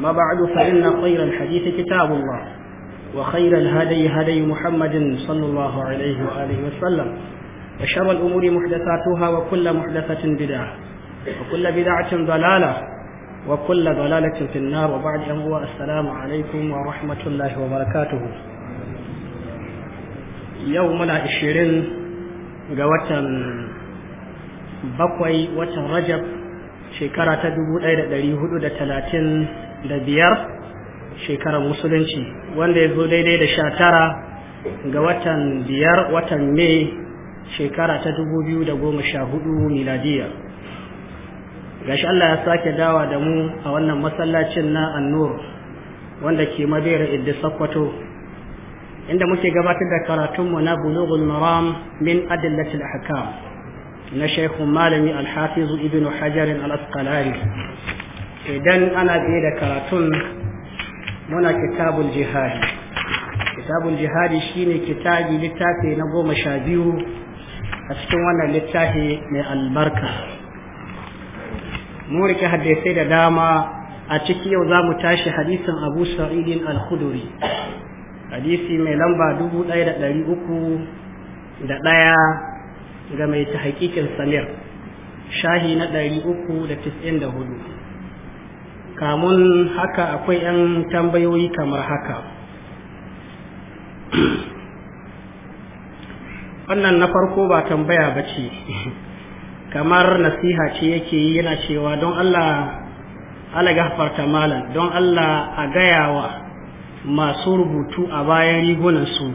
ما بعد فإن خير الحديث كتاب الله وخير الهدي هدي محمد صلى الله عليه وآله وسلم وشر الأمور محدثاتها وكل محدثة بدعة وكل بدعة ضلالة وكل ضلالة في النار وبعد أن السلام عليكم ورحمة الله وبركاته يومنا عشرين قوة بقوي وترجب شكرة دبو أيضا دليهود دتلاتين da biyar shekarar musulunci wanda ya zo daidai da sha tara ga watan biyar watan mai shekara ta dubu biyu da goma sha hudu miladiya gashi Allah ya sake dawa da mu a wannan masallacin na annur wanda ke madaira idda sakwato inda muke gabatar da karatunmu na bulughul maram min adillatil ahkam na shaikhu malami alhafizu ibnu hajar al-asqalani idan ana biye da karatun muna kitabul jihadi kitabul jihadi shine kitabi littafi na goma sha biyu a cikin wannan littafi mai albarka mu rike hadisai da dama a ciki yau za mu tashi hadisin abu sa'idin al-khuduri hadisi mai lamba dubu ɗaya da ɗari uku da ɗaya ga mai ta hakikin samir shahi na ɗari uku da tis'in da hudu kamun haka akwai 'yan tambayoyi kamar haka wannan na farko ba tambaya ba ce kamar nasiha ce yake yi yana cewa don allah ala malam don allah a gayawa masu rubutu a bayan rigunansu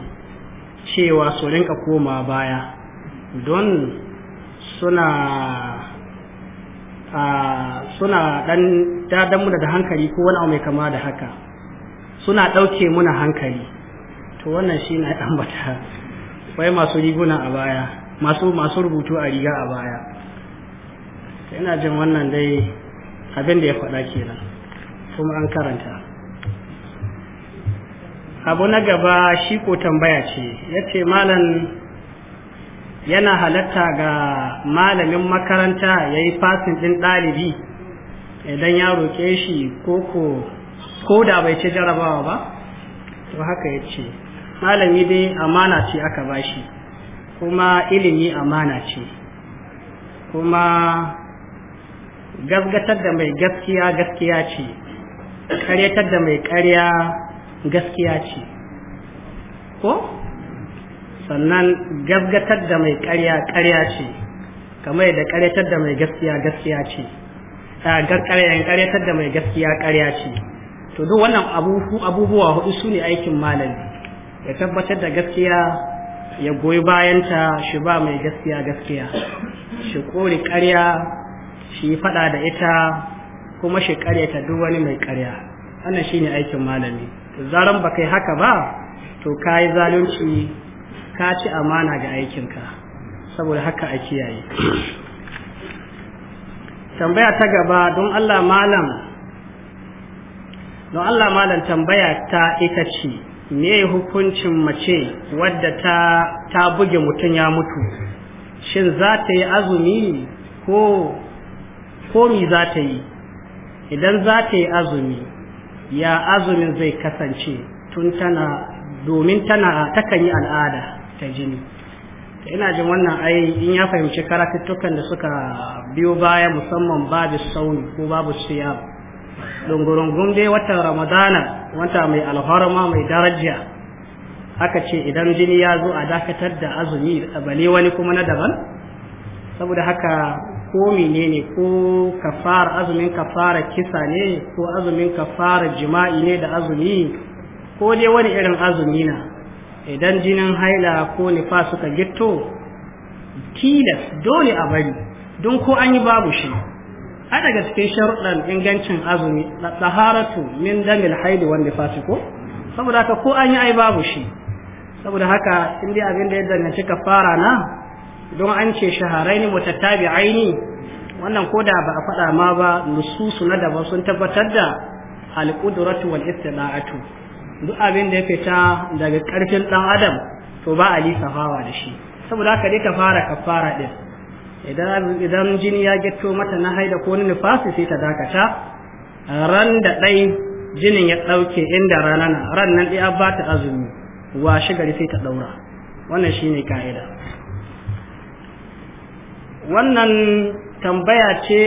cewa su rinka koma baya don suna suna dan dadan mu daga hankali ko wani abu mai kama da haka suna ɗauke muna hankali to wannan shi na ambata wai masu riguna a baya masu masu rubutu a riga a baya ina jin wannan dai abin da ya faɗa kenan kuma an karanta abu na gaba shi ko tambaya ce ya ce malam yana halatta ga malamin makaranta ya yi fasin ɗin ɗalibi idan ya roƙe shi ko da bai ce jarabawa ba to haka ya ce malami dai amana ce aka ba shi, kuma ilimi amana ce kuma gasgatar da mai gaskiya gaskiya ce karyatar da mai karya gaskiya ce ko sannan gasgatar da mai ƙarya ƙarya ce kamar da ƙaryatar da mai gaskiya gaskiya ce ƙaryatar da mai gaskiya ƙarya ce to duk wannan abubuwa hudu su ne aikin malami ya tabbatar da gaskiya ya goyi bayanta shi ba mai gaskiya gaskiya shi kori ƙarya shi faɗa da ita kuma shi ƙaryata duk wani mai ƙarya wannan ne aikin malami zaran ba kai haka ba to kayi zalunci ka ci amana ga aikinka saboda haka a kiyaye tambaya ta gaba don Allah malam don Allah malam tambaya ta ita ce me hukuncin mace wadda ta buge mutum ya mutu shin za ta yi azumi ko komi za ta yi idan za ta yi azumi ya azumin zai kasance tun tana domin tana takan yi al'ada ta jini ina jin wannan ai in ya fahimci karatuttukan da suka biyo baya musamman babu sauni ko babu siya dungurungun dai watan ramadana wata mai alharma mai daraja aka ce idan jini ya zo a dakatar da azumi bale wani kuma na daban saboda haka ko ne ko kafar azumin kafara kisa ne ko azumin kafara jima'i ne da azumi ko dai wani irin azumi na idan jinin haila ko nifa suka gitto tilas dole a bari don ko an yi babu shi a daga cikin sharuɗan ingancin azumi na taharatu min damil haidi wanda fasi ko saboda haka ko an yi ai babu shi saboda haka in dai abin da ya danganci fara na don an ce shaharaini aini? wannan ko da ba a faɗa ma ba nususu na daban sun tabbatar da al-qudratu wal istina'atu duk abin da ya fita daga karfin dan adam to ba a lisafawa da shi saboda haka dai ta fara kafara din idan idan jini ya gitto mata na haida ko na nifasi sai ta dakata ran da dai jinin ya ɗauke inda rana na ran nan dai abba bata azumi wa shi gari sai ta daura wannan shine kaida wannan tambaya ce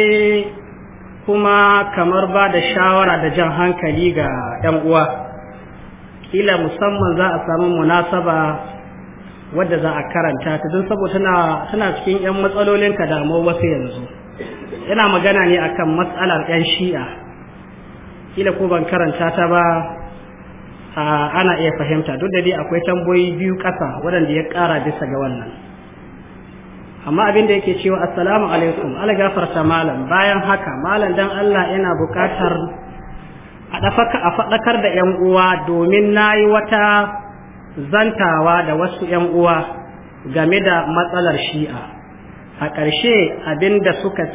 kuma kamar ba da shawara da jan hankali ga 'yan uwa kila musamman za a samu munasaba wadda za a karanta ta don saboda tana cikin yan matsalolin ka damuwa wasu yanzu yana magana ne akan matsalar yan shi'a kila ko ban karanta ta ba ana iya fahimta duk da dai akwai tamboyi biyu ƙasa wadanda ya kara bisa ga wannan amma abin da yake cewa assalamu alaikum ala gafarta malam bayan haka malam dan Allah yana buƙatar a faɗakar da ‘yan uwa domin na yi wata zantawa da wasu ‘yan uwa game da matsalar shi'a a ƙarshe abinda suka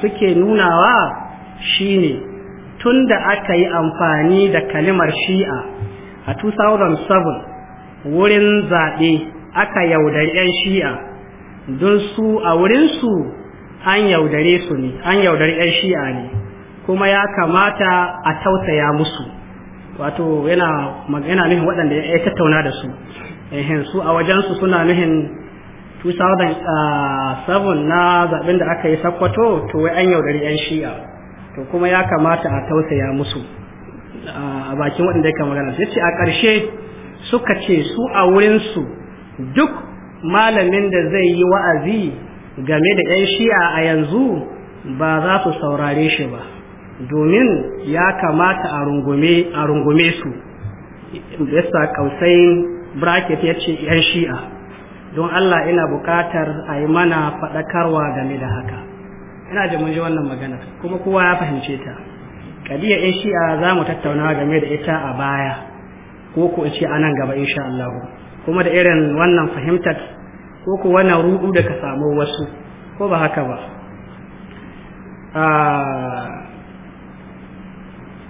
suke nunawa shine tun da aka yi amfani da kalimar shi'a a 2007 wurin zaɓe aka yaudari 'yan shi'a don su a wurinsu an yaudare su ne an yaudari 'yan shi'a ne kuma ya kamata a tausaya musu wato yana magana nuhin waɗanda ya tattauna da su ehin su a wajensu suna nuhin 2007 ah, na zaɓen da aka yi sakwato to wai an yaudari 'yan shi'a to kuma ya kamata a tausaya musu ah, a bakin waɗanda ya magana ya ce a ƙarshe suka ce su a wurin su duk malamin da zai yi wa'azi game da 'yan shi'a a yanzu ba za su saurare shi ba domin ya kamata a rungume a rungume su yasa kausayin bracket ya ce yan shi'a don Allah ina bukatar a yi mana faɗakarwa game da haka ina da mun ji wannan magana kuma kowa ya fahimce ta kadiya yan shi'a za mu tattauna game da ita a baya ko ko ce a nan gaba insha Allah kuma da irin wannan fahimtar ko ko wannan rudu da ka samu wasu ko ba haka ba ah,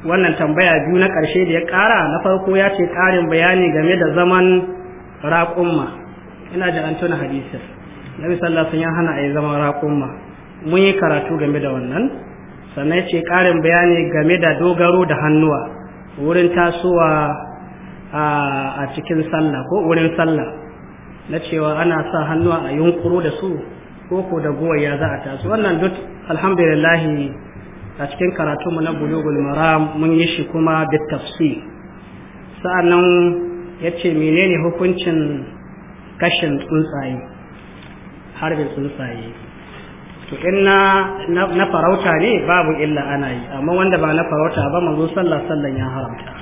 wannan tambaya biyu na ƙarshe da ya ƙara na farko ya ce ƙarin bayani game da zaman raƙumma ina da an tuna hadisir nabi sun yi hana a yi zaman raƙumma mun yi karatu game da wannan sannan ce ƙarin bayani game da dogaro da hannuwa wurin tasowa a cikin sallah ko wurin sallah na cewa ana sa hannuwa a yunkuro da su ko ko da goya za a taso wannan duk alhamdulillahi a cikin karatunmu na bulugul maram mun yi shi kuma da tafsi sa'annan ya ce menene hukuncin kashin tsuntsaye harbin tsuntsaye to in na farauta ne babu illa ana yi amma wanda ba na farauta ba manzo sallah sallan ya haramta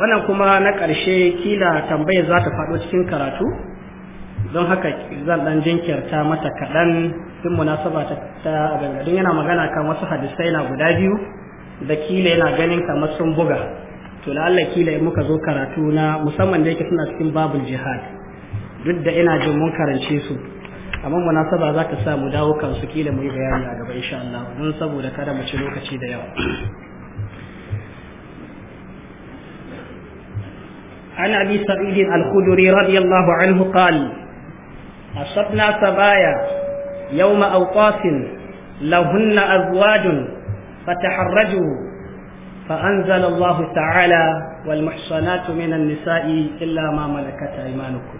wannan kuma na ƙarshe kila tambayar za ta faɗo cikin karatu don haka zan dan jinkirta mata kaɗan din munasaba ta ta yana magana kan wasu hadisai na guda biyu da kila yana ganin kamar sun buga to la'alla kila in muka zo karatu na musamman da yake suna cikin babul jihad duk da ina jin mun karance su amma munasaba za ta sa mu dawo kansu kila mu yi bayani a gaba insha Allah don saboda kada mu ci lokaci da yawa عن ابي سعيد الخدري رضي الله عنه قال أبسطنا سبايا يوم أوقاف لهن أزواج فتحرجوا فأنزل الله تعالى والمحصنات nisa'i illa إلا ما ملكت أيمانكم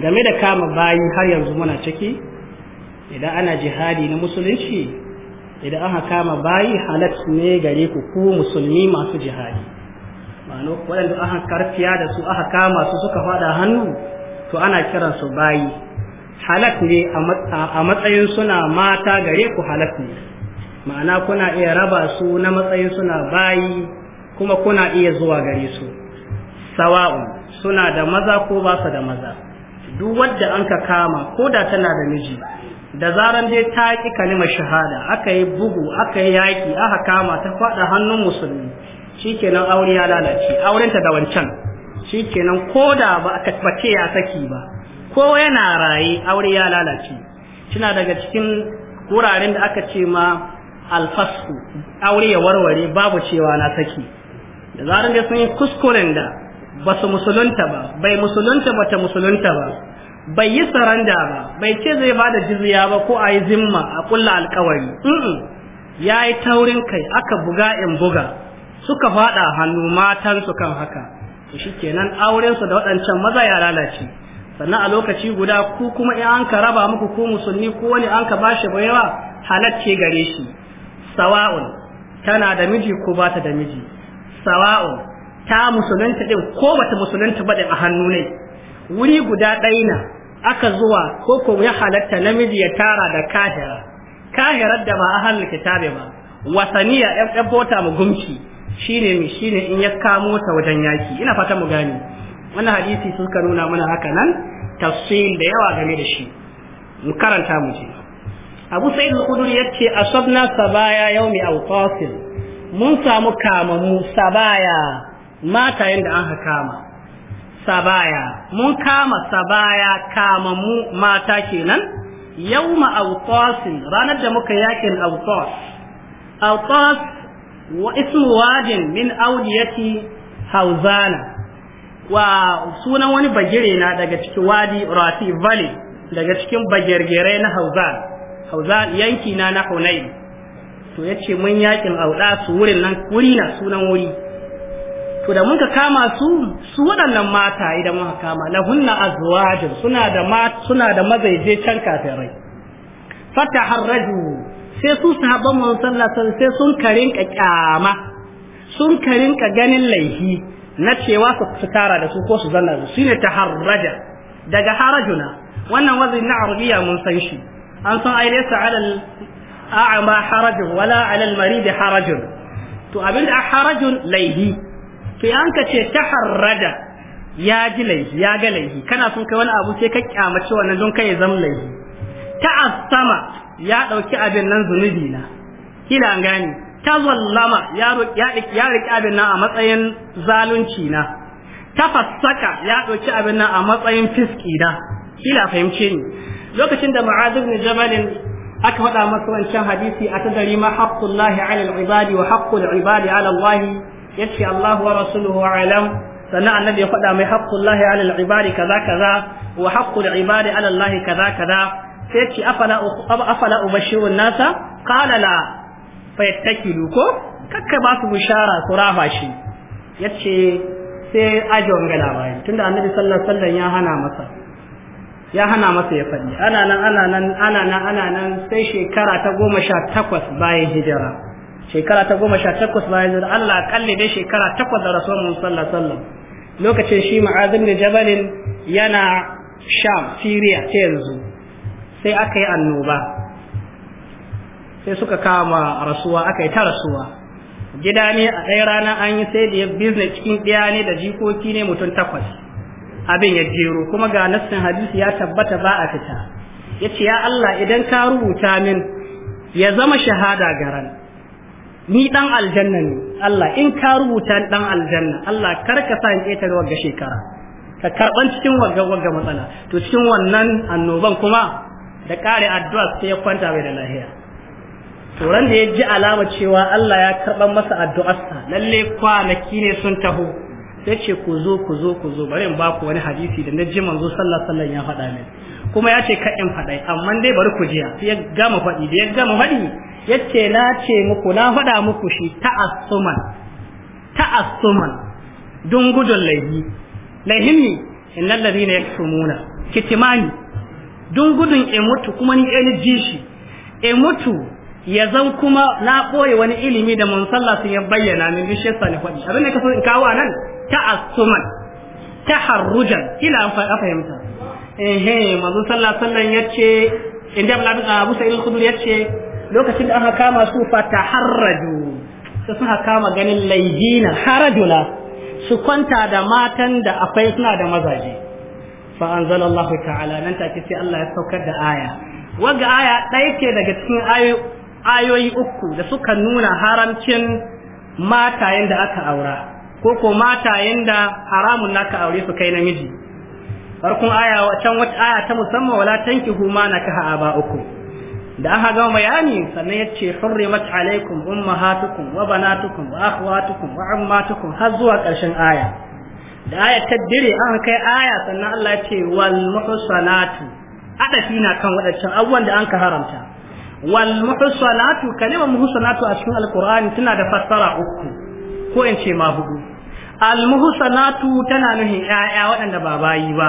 game da kama bayi har yanzu muna ciki idan ana jihadi na musulunci idan aka kama bayi halat ne gare ku ku musulmi masu jihadi ma'ana waɗanda aka karfiya da su aka kama su suka fada hannu to ana kiran su bayi halak ne a matsayin suna mata gare ku halak ne ma'ana kuna iya raba su na matsayin suna bayi kuma kuna iya zuwa gare su sawa'un suna da maza ko ba su da maza duk wanda an ka kama ko da tana da miji da zaran dai ta ki kalimar shahada aka yi bugu aka yi yaki aka kama ta faɗa hannun musulmi shikenan aure ya lalace aurenta da wancan shi kenan ko da ba a bace ya saki ba ko yana raye aure ya lalace suna daga cikin wuraren da aka ce ma alfasku aure ya warware babu cewa na saki da zarar da sun yi kuskuren da ba su musulunta ba bai musulunta ba ta musulunta ba bai yi saranda ba bai ce zai ba da jizya ba ko a yi zimma a kulla alkawari ya yi taurin kai aka buga in buga suka faɗa hannu matansu kan haka shi kenan aurensa da waɗancan maza ya lalace sannan a lokaci guda ku kuma in an ka raba muku ko musulmi ko wani an ka bashi bayawa halacce gare shi sawa'un tana da miji ko ba ta da miji sawa'un ta musulunta din ko bata musulunta ba din a hannu ne wuri guda ɗaya na aka zuwa ko ko ya halatta namiji ya tara da kahira kahirar da ba a halin kitabe ba wasaniya ɗan bota mu gumki shine shine in ya kamo ta wajen yaki ina fata mu gani wannan hadisi sun ka nuna mana haka nan tafsil da yawa game da shi mu karanta mu ji Abu Sa'id al-Khudri yace asabna sabaya yawmi awqasil mun samu kama mu sabaya mata yanda an kama sabaya mun kama sabaya kama mu mata kenan yawma awqasil ranar da muka yakin awqas awqas wa ismu wadin min audiyati hauzana wa sunan wani bagire na daga cikin wadi rafi valley daga cikin bagirgirai na hauzan hauzan yanki na na hunain to yace mun yakin auda su wurin nan wuri na sunan wuri to da muka kama su su waɗannan mata idan muka kama hunna azwajin suna da suna da mazaije can kafirai fataharraju sai su sahabban mu sallallahu alaihi sai sun karin ka kyama sun karin ka ganin laihi na cewa su tara da su ko su zanna su ne taharraja daga harajuna wannan wazin na arabiya mun san shi an san ai laysa alal a'ma harajun wala alal marid harajun to abin da harajun laihi to an ka ce taharraja ya ji laihi ya ga laihi kana sun kai wani abu sai ka kyamace wannan don kai zam laihi ta'assama ya ɗauki abin nan zunubi na kila gani ta zallama ya riƙe abin nan a matsayin zalunci na ta fassaka ya ɗauki abin nan a matsayin fiski na kila fahimce ni lokacin da ma'adib ne jabalin aka faɗa masa wancan hadisi a ta dari ma haqqullahi ala al-ibadi wa haqqul ibadi ala ya yace Allah wa rasuluhu alam sannan annabi ya faɗa mai haqqullahi ala al-ibadi kaza kaza wa haƙƙun ibadi alal lahi kaza kaza sai ce afala afala ubashirun nasa qala la fayattakilu ko kakka ba su bishara su rafa shi yace sai aje wanga labari tunda annabi sallallahu alaihi wasallam ya hana masa ya hana masa ya faɗi ana nan ana nan ana nan ana nan sai shekara ta goma sha takwas bayan hijira shekara ta goma sha takwas bayan hijira Allah kalli dai shekara takwas da rasulun sallallahu alaihi wasallam lokacin shi ma'azin da jabalin yana sham siriya ta yanzu sai aka yi annoba sai suka kama rasuwa aka yi ta rasuwa gida ne a ɗaya rana an yi sai da ya bizne cikin ɗaya ne da jikoki ne mutum takwas abin ya jero kuma ga nassin hadisi ya tabbata ba a fita ya ce ya Allah idan ka rubuta min ya zama shahada garan ni dan aljanna ne Allah in ka rubuta dan aljanna Allah kar ka sa in ƙetare wagga shekara ka karban cikin wagga wagga matsala to cikin wannan annoban kuma da kare addu'a sai ya kwanta bai da lahiya turan da ya ji alama cewa Allah ya karɓar masa addu'arsa lalle kwanaki ne sun taho sai ce ku zo ku zo ku zo bari in ba ku wani hadisi da na ji manzo sallallahu alaihi ya faɗa min kuma ya ce ka in faɗai amma dai bari ku jiya sai ya gama faɗi da ya gama faɗi yace na ce muku na faɗa muku shi ta'assuman ta'assuman dun gudun laihi laihin innal ladina kitimani don gudun in mutu kuma ni ɗaya ji shi in mutu ya zan kuma na ɓoye wani ilimi da mun sallah sun ya bayyana min bishiyar sa Sani abin da ka so in kawo nan ta asuman ta harrujan ila an fahimta ehe manzon sallah sallan ya ce inda abu sa'id al-khudri ya ce lokacin da aka kama su fataharraju su suka kama ganin laihina harajula su kwanta da matan da akwai suna da mazaje fa anzalallahu ta'ala nan take sai Allah ya saukar da aya wanga aya ɗaya ce daga cikin ayoyi uku da suka nuna haramcin mata da aka aura ko ko matayen da haramun naka aure su kai namiji farkon aya can wata aya ta musamman wala huma na nakaha aba uku da aka gama bayani sannan yace ce hurrimat alaikum ummahatukum wa banatukum wa akhwatukum wa ammatukum har zuwa ƙarshen aya da aya ta dire an kai aya sannan Allah ya ce wal muhsanatu adafi na kan wadancan abubuwan da an ka haramta wal muhsanatu kalima muhsanatu a cikin alqur'ani tana da fassara uku ko in ce ma hudu al muhsanatu tana nuhin ƴaƴa waɗanda ba bayi ba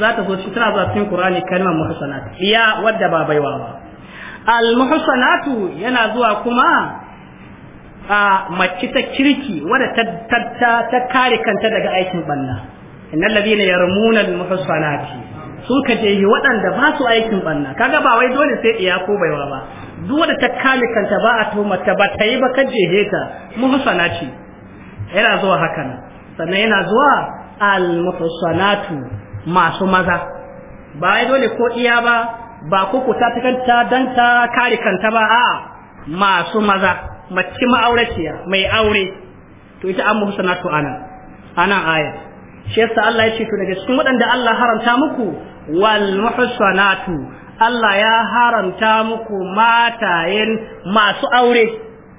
za ta zo cikin tana zuwa cikin qur'ani kalimar muhsanatu iya wadda ba baiwa ba al muhsanatu yana zuwa kuma a mace ta kirki wadda ta ta ta kare kanta daga aikin banna innal ladina yarmuna al muhsanati sun ka je waɗanda ba su aikin banna kaga ba wai dole sai iya ko baiwa ba duk wadda ta kare kanta ba a to mata ba ta yi ba ka je ta muhsanati yana zuwa haka sannan yana zuwa al muhsanatu masu maza ba wai dole ko iya ba ba ko ku ta ta dan ta kare kanta ba a'a masu maza mace ma'auraciya mai aure to ita an to anan anan aya shi yasa Allah ya ce to daga cikin waɗanda Allah haramta muku wal muhsanatu Allah ya haramta muku matayen masu aure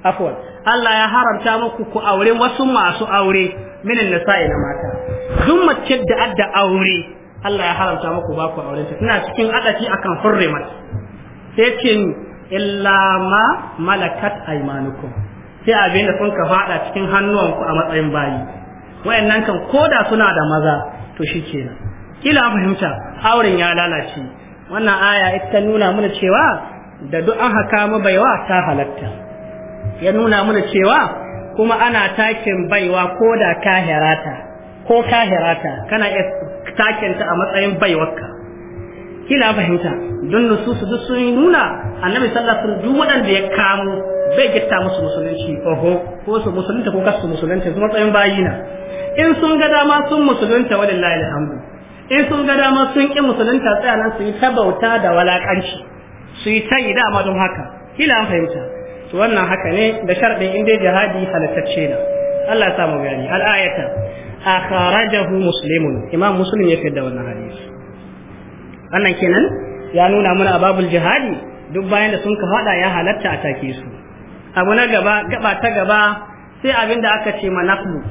afwan Allah ya haramta muku ku aure wasu masu aure minan nisa'i na mata duk mace da adda aure Allah ya haramta muku ba ku ta ina cikin adaki akan hurrimat sai ce illa ma malakat aymanukum sai abin da kun ka fada cikin hannuwanku a matsayin bayi wayannan kan koda suna da maza to shikenan kila fahimta auren ya lalace wannan aya ita nuna mana cewa da duk an haka mu baiwa ta halatta ya nuna mana cewa kuma ana takin baiwa koda kahirata ko kahirata kana takin ta a matsayin baiwarka kila fahimta don nususu duk sun nuna annabi sallallahu alaihi duk waɗanda ya kamo bai gitta musu musulunci oho ko su musulunta ko kasu musulunta su matsayin bayina in sun ga dama sun musulunta walillahi alhamdu in sun ga dama sun ki musulunta tsaya nan su yi tabauta da walakanci su yi tayi dama don haka kila fahimta to wannan haka ne da sharɗin inda jihadi halattacce na Allah ya samu gani al'ayata akharajahu muslimun imam muslim ya da wannan hadisi wannan kenan ya nuna mana ababul jihadi duk bayan da sun ka fada ya halatta a take su abu na gaba gaba ta gaba sai abin da aka ce ma naflu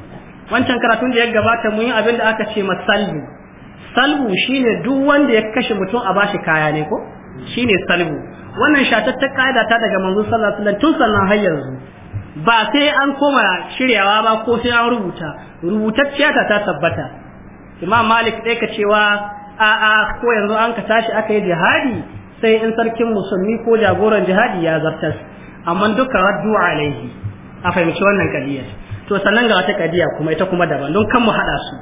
wancan karatun da ya gabata mun yi abin da aka ce ma salbu salbu shine duk wanda ya kashe mutum a bashi kaya ne ko shine salbu wannan shatattar kaida ta daga manzo sallallahu alaihi wasallam tun sannan har yanzu ba sai an koma shiryawa ba ko sai an rubuta rubutacciya ta tabbata imam malik dai ka cewa a'a ko yanzu an ka tashi aka yi jihadi sai in sarkin musulmi ko jagoran jihadi ya zartas amma duka raddu alaihi a fahimci wannan kadiyar to sannan ga wata kadiya kuma ita kuma daban don kan mu hada su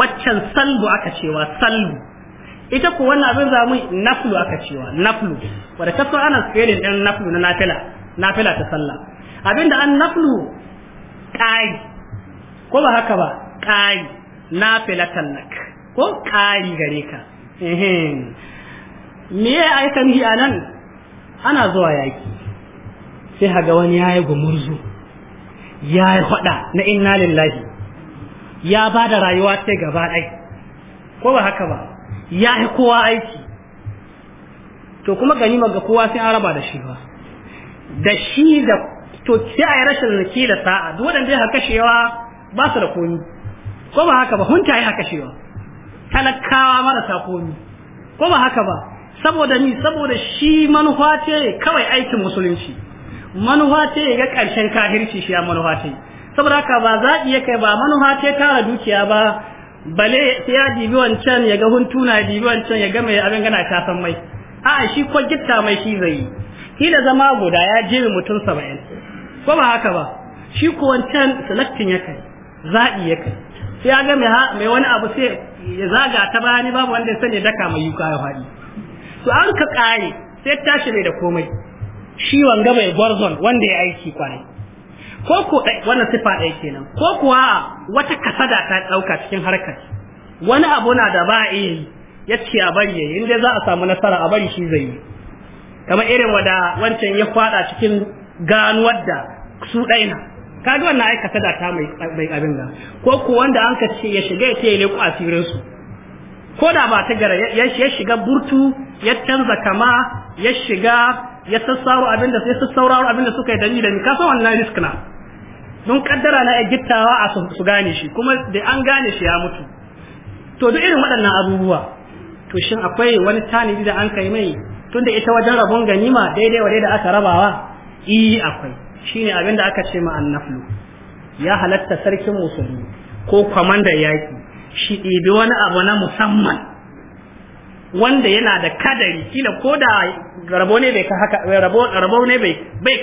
waccan salbu aka cewa salbu ita ko wannan abin zamu naflu aka cewa naflu wanda so ana spelling din naflu na nafila nafila ta sallah abinda an naflu kai ko ba haka ba kai nafilatan nak ko ƙari gare ka me ya yi ni a ana zuwa yaki sai haga wani ya yi gumurzu ya yi faɗa na inna lillahi ya ba da rayuwa ta gaba ɗai ko ba haka ba ya yi kowa aiki to kuma ganima ga kowa sai an raba da shi ba da shi da to sai a yi rashin zaki da sa'a duk waɗanda ya kashewa ba su da komi ko ba haka ba hunta ya kashewa talakawa marasa komi ko ba haka ba saboda ni saboda shi manufa ce kawai aikin musulunci manufa ce ga ƙarshen kahirci shi ya manufa ce saboda haka ba za iya kai ba manufa ce tara dukiya ba bale sai ya dibi wancan ya ga huntuna ya dibi wancan ya ga mai abin gana ta san mai a'a shi ko gitta mai shi zai yi da zama guda ya je mutum saba'in ko ba haka ba shi ko wancan selecting ya kai zaɓi ya kai sai ya ga mai wani abu sai ya zaga ta bayani babu wanda ya sanya daka mai yuka ya faɗi to an ka kare sai tashi mai da komai shi wanga mai gwarzon wanda ya aiki kwanai ko ko eh, wannan sifa ɗaya kenan ko kuwa wata kasada ta ɗauka cikin harkar wani abu na da ba a yi ya ce a bari yayi inda za a samu nasara a bari shi zai yi kamar irin wada wancan ya faɗa cikin ganuwar da su ɗaina kaga wannan ai kasada ta mai mai abin nan ko ko wanda an kace ya shiga ya ne ku asirin su ko da ba ta gara ya shiga burtu ya canza kama ya shiga ya sassauro abin da sai sassauraro abin da suka yi dani da ni kasa wannan risk na don kaddara na gittawa a su gane shi kuma da an gane shi ya mutu to duk irin waɗannan abubuwa to shin akwai wani tanadi da an kai mai tunda ita wajen rabon ganima daidai wa da aka rabawa eh akwai shine abin da aka ce ma annaflu ya halatta sarkin musulmi ko kwamandan yaƙi. shi ɗebi wani abu na musamman wanda yana da kadari kila ko da rabo ne bai haka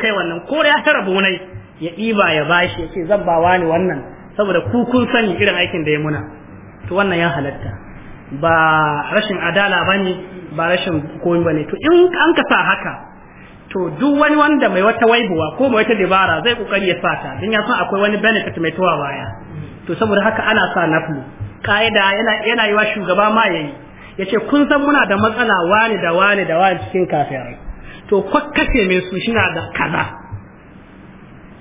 kai wannan ko ya ta rabo ne ya ɗiba ya bashi ya ce zan ba wani wannan saboda ku kun sani irin aikin da ya muna to wannan ya halatta ba rashin adala bane ba rashin komai bane to in an ka sa haka to duk wani wanda mai wata waibuwa ko mai wata dabara zai kokari ya sata dan ya san akwai wani benefit mai tuwa baya to saboda haka ana sa naflu ka'ida yana yana yiwa shugaba ma yayi yace kun san muna da matsala wani da wani da wani cikin kafirai to kwakkace mai su shi da kaza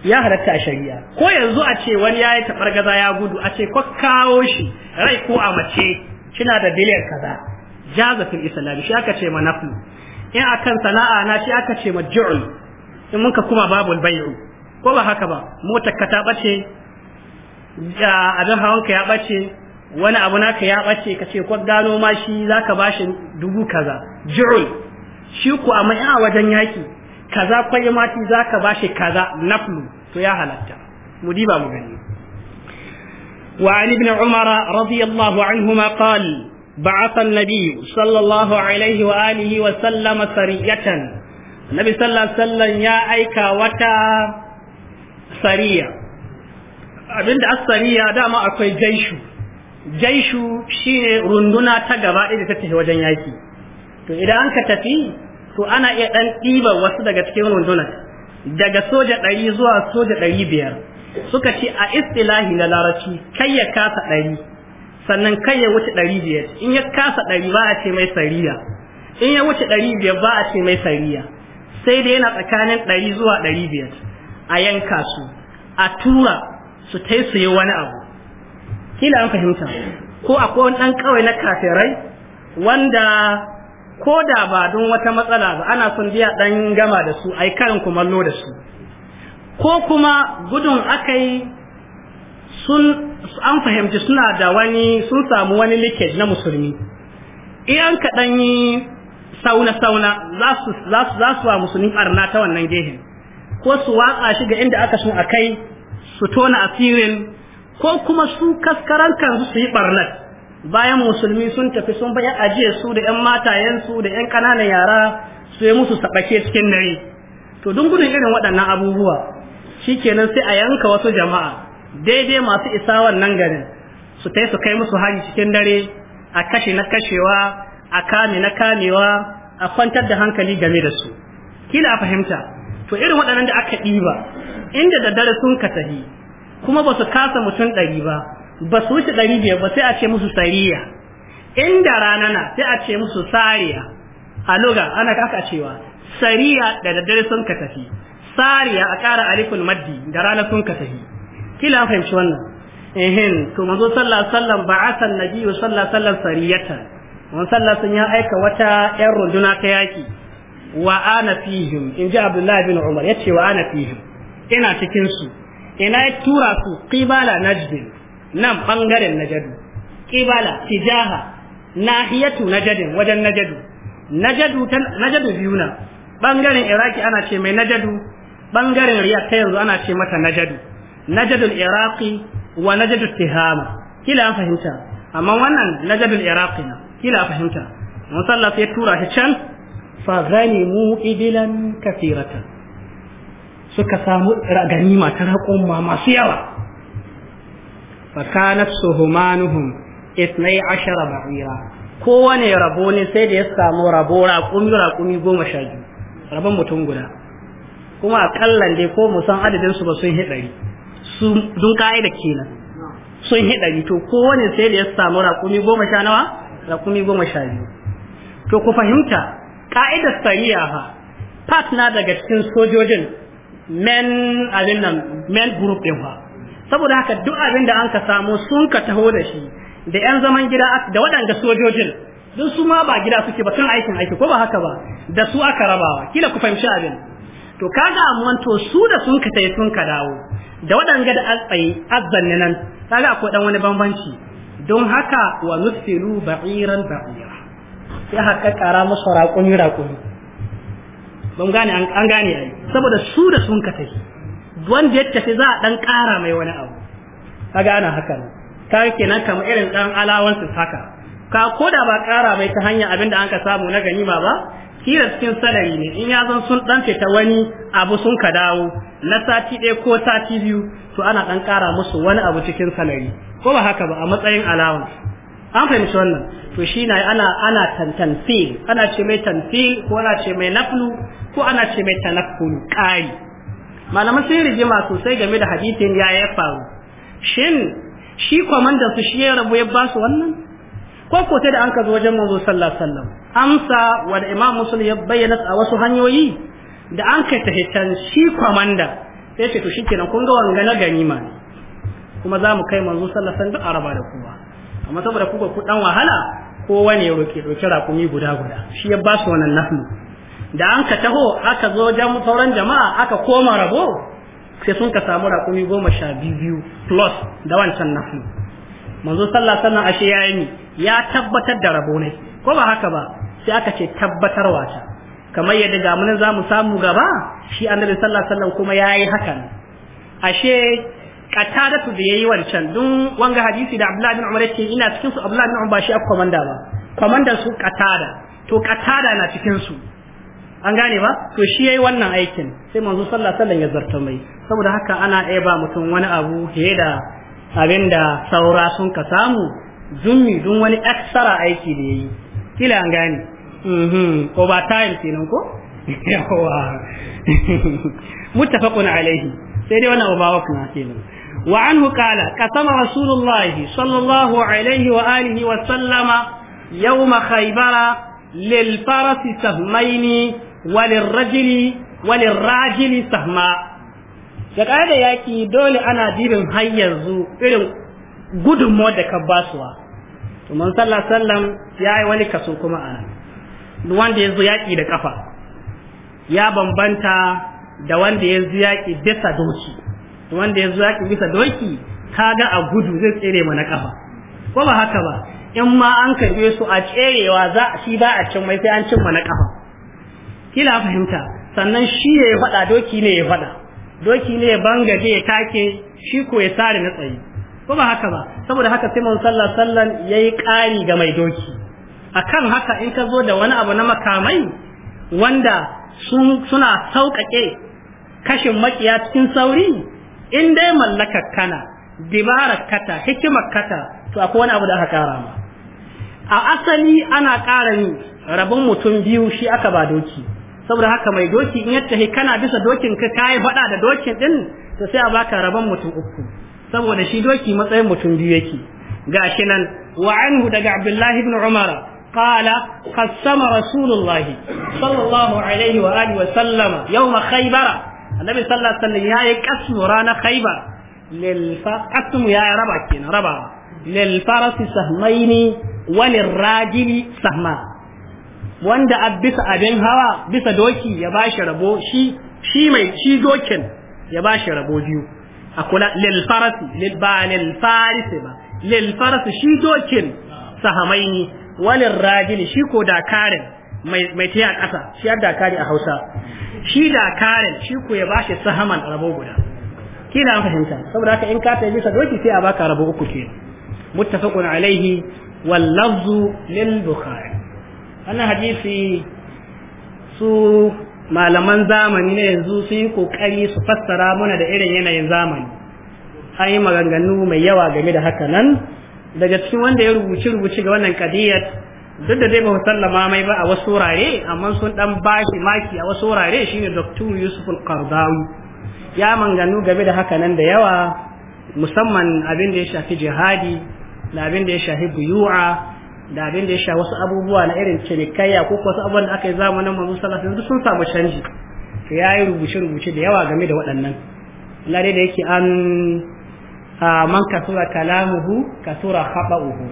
ya halatta a shari'a ko yanzu a ce wani ya yi gaza ya gudu a ce kwakkawo shi rai ko a mace na da dalilin kaza jazafin Islam shi aka ce manafi in akan sana'a na shi aka ce maj'ul in mun ka kuma babu bai'u ko ba haka ba motar ka ta bace abin hawan ka ya bace wani abu naka ya bace ka ce ko gano ma shi zaka bashi dubu kaza ju'ul shi ku amma in a wajen yaki kaza ma mati zaka bashi kaza naflu to ya halatta mu diba mu gani وعن ibn umara radiyallahu anhu ma بعث النبي صلى الله عليه وآله وسلم سرية النبي صلى الله عليه وسلم يا أيكا abin da asariya dama akwai jaishu jaishu shine runduna ta gaba ɗaya da ta tafi wajen yaki to idan anka tafi to ana iya ɗan ɗiba wasu daga cikin rundunar daga soja ɗari zuwa soja ɗari biyar suka ci a istilahi na larabci kai ya kasa ɗari sannan kai ya wuce ɗari biyar in ya kasa ɗari ba a ce mai sariya in ya wuce ɗari biyar ba a ce mai sariya sai dai yana tsakanin ɗari zuwa ɗari biyar a yanka su a tura su ta su yi wani abu kila an fahimta ko akwai wani ɗan kawai na kafirai wanda ko da ba don wata matsala ba ana son biya ɗan gama da su a yi karin kumallo da su ko kuma gudun aka yi sun an fahimci suna da wani sun samu wani leakage na musulmi iyan kaɗan yi sauna-sauna za su wa musulmi ɓarna ta wannan gehen ko su watsa shi ga inda aka sun akai kai su tona asirin ko kuma su kaskaran kansu su yi ɓarnar bayan musulmi sun tafi sun baya ajiye su da 'yan su da 'yan ƙananan yara su yi musu saɓake cikin dare to don gudun irin waɗannan abubuwa shikenan sai a yanka wasu jama'a daidai masu isa wannan garin su tai su kai musu hari cikin dare a kashe na kashewa a kame na kamewa a kwantar da hankali game da su kila a fahimta to irin waɗannan da aka ɗiba inda daddare sun ka tahi kuma ba su kasa mutum ɗari ba ba su wuce ɗari biyar ba sai a ce musu sariya inda rana na sai a ce musu sariya a loga ana kaka cewa sariya da daddare sun ka tafi sariya a ƙara alifin maddi da rana sun ka tafi kila an fahimci wannan ehin to manzo sallallahu alaihi wasallam ba'atha an nabi sallallahu alaihi wasallam sariyatan manzo sallallahu ya aika wata yar runduna ta yaki wa ana fihim in ji abdullahi bin umar yace wa ana fihim ina cikin su ina ya tura su qibala najd nan bangaren najadu qibala tijaha nahiyatu najd wajen najadu najadu najadu biyu na bangaren iraki ana ce mai najadu bangaren riyad ta yanzu ana ce mata najadu Najadun iraqi wa najadul tihama kila fahimta amma wannan najadul iraqi na kila an fahimta musallaf ya tura shi can fa ghanimu ibilan kathiratan suka samu ganima ta raƙumma masu yawa fakanat suhumanuhum itnai ashara ba'ira kowane rabo ne sai da ya samu rabo raƙumi raƙumi goma sha biyu rabon mutum guda kuma aƙallan dai ko musan adadinsu ba sun hi ɗari sun ka'ida kenan sun hi ɗari to kowane sai da ya samu rakumi goma sha nawa raƙumi goma sha biyu to ku fahimta ƙa'idar sariya fa pat na daga cikin sojojin men abin nan men group ɗin fa saboda haka duk abin da an ka samu sun ka taho da shi da yan zaman gida da waɗanda sojojin duk su ma ba gida suke ba kan aikin aiki ko ba haka ba da su aka rabawa kila ku fahimci abin to kaga amman to su da sun ka tai sun ka dawo da wadanga da asai azzanne nan kaga akwai dan wani bambanci don haka wa nusilu ba'iran ba'ira sai haka kara musu raƙumi raƙumi ban gane an gane ai saboda su da sun ka tai wanda ya tafi za a dan ƙara mai wani abu kaga ana haka ne kaga kenan kamar irin dan alawansu haka ka koda ba ƙara mai ta hanya abinda an ka samu na ganima ba kira cikin salari ne in ya zan sun dan ta wani abu sun ka dawo na sati ɗaya ko sati biyu to ana dan ƙara musu wani abu cikin salari ko ba haka ba a matsayin allowance an fahimci wannan to shi na ana ana ana ce mai tanfil ko ana ce mai naflu ko ana ce mai tanaffulu ƙari malaman sun rigima sosai game da hadisin ya ya faru shin shi kwamandan su shi ya rabu ya ba su wannan ko ko da an ka zo wajen manzo sallallahu alaihi wasallam amsa wa da imam muslim ya bayyana a wasu hanyoyi da an kai tahitan shi komanda sai ce to shikenan kun ga wanga na ganima ne kuma za mu kai manzo sallallahu alaihi wasallam araba da kuma amma saboda ku ku dan wahala ko wani ya roke roke rakumi guda guda shi ya ba su wannan nahnu da an ka taho aka zo wajen sauran jama'a aka koma rabo sai sun ka samu rakumi goma sha biyu plus da wancan nahnu manzo sallallahu alaihi wasallam ashe yayi ya tabbatar da rabo ne ko ba haka ba sai aka ce tabbatarwa ta kamar yadda ga mun za samu gaba shi annabi sallallahu alaihi wasallam kuma yayi hakan ashe qatadatu da yayi wancan dun wanga hadisi da Abdullah bin Umar yake ina cikin su Abdullah bin Umar ba shi a komanda ba komanda su qatada to qatada na cikin su an gane ba to shi yayi wannan aikin sai manzo sallallahu alaihi wasallam ya zarta mai saboda haka ana iya mutum wani abu fiye da abinda saura sun ka samu zummi dun wani aksara aiki da yayi kila an gani. mhm ko ba time kenan ko yawa muttafaqun alaihi sai dai wannan ba wakna kenan wa anhu qala qasama rasulullahi sallallahu alaihi wa alihi wa sallama yawma khaybara lil farasi sahmaini walirrajili walirrajili sahma da ƙa'ida yaƙi dole ana dibin hanyar yanzu irin gudunmuwar da ka basuwa to man sallah sallam ya yi wani kaso kuma a nan wanda ya zo yaƙi da ƙafa ya bambanta da wanda ya zo yaƙi bisa doki wanda ya zo yaƙi bisa doki kaga a gudu zai tsere mana ƙafa ko ba haka ba in ma an karɓe su a tserewa za shi ba a cin mai sai an cin mana ƙafa kila fahimta sannan shi ya faɗa doki ne ya faɗa doki ne ya bangaje ya take shi ko ya sare na tsaye ko ba haka ba saboda haka sai mun sallah sallan yayi ƙari ga mai doki akan haka in ka zo da wani abu na makamai wanda suna sauƙaƙe kashin makiya cikin sauri in dai mallakar kana dibarar kata hikimar kata to akwai wani abu da aka kara ma a asali ana ƙara ni rabon mutum biyu shi aka ba doki saboda haka mai doki in ya tafi kana bisa dokin ka kai faɗa da dokin ɗin, to sai a baka rabon mutum uku saboda shi doki matsayin mutum biyu yake gashi nan wa anhu daga abdullahi ibn umar qala qassama rasulullahi sallallahu alaihi wa annabi yayi qasmu rana khaybar ya raba kenan raba lil farasi wanda abisa abin hawa bisa doki shi mai shi dokin ya bashi rabo biyu akula lil farasi ba lil ba lil farasi shi dokin sahamaini walil rajili shi ko dakarin mai mai tiya ƙasa shi da kari a Hausa shi dakarin shi ko ya bashi sahaman rabo guda kila an fahimta saboda haka in ka tafi bisa doki sai a baka rabo uku ke muttafaqun alaihi wal lafzu lil bukhari wannan hadisi su malaman zamani na yanzu sun yi kokari su fassara mana da irin yanayin zamani an yi maganganu mai yawa game da haka nan daga cikin wanda ya rubuci rubuci ga wannan kadiyar duk da dai ba sallama mai ba a wasu wurare amma sun dan bashi maki a wasu wurare shine Dr. Yusuf Al-Qardawi ya manganu game da haka nan da yawa musamman abin da ya shafi jihadi da abin da ya shafi buyu'a da abin da ya sha wasu abubuwa na irin cinikayya ko wasu abubuwan da aka yi zamanin manzo sallallahu alaihi sun samu canji to yayi rubuce rubuce da yawa game da waɗannan Allah dai da yake an man kasura kalamuhu kasura haba'uhu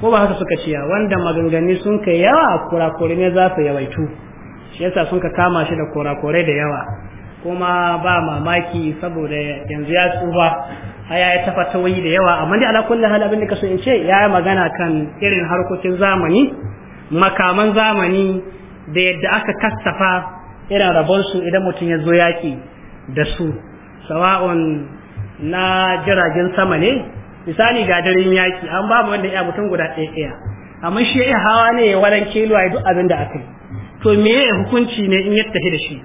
ko ba haka suka ce wanda maganganu sun kai yawa kurakure ne za su yawaitu shi yasa sun ka kama shi da kurakure da yawa kuma ba mamaki saboda yanzu ya tsufa aya ya ta wayi da yawa amma dai ala kulli hal abin da kaso in ce ya magana kan irin harkokin zamani makaman zamani da yadda aka kasafa irin rabon su idan mutum ya zo yaki da su sawa'un na jiragen sama ne misali ga daren yaki an ba mu wanda ya mutum guda ɗaya ɗaya amma shi ya hawa ne ya walan kelo duk abin da aka to me ya hukunci ne in ya tafi da shi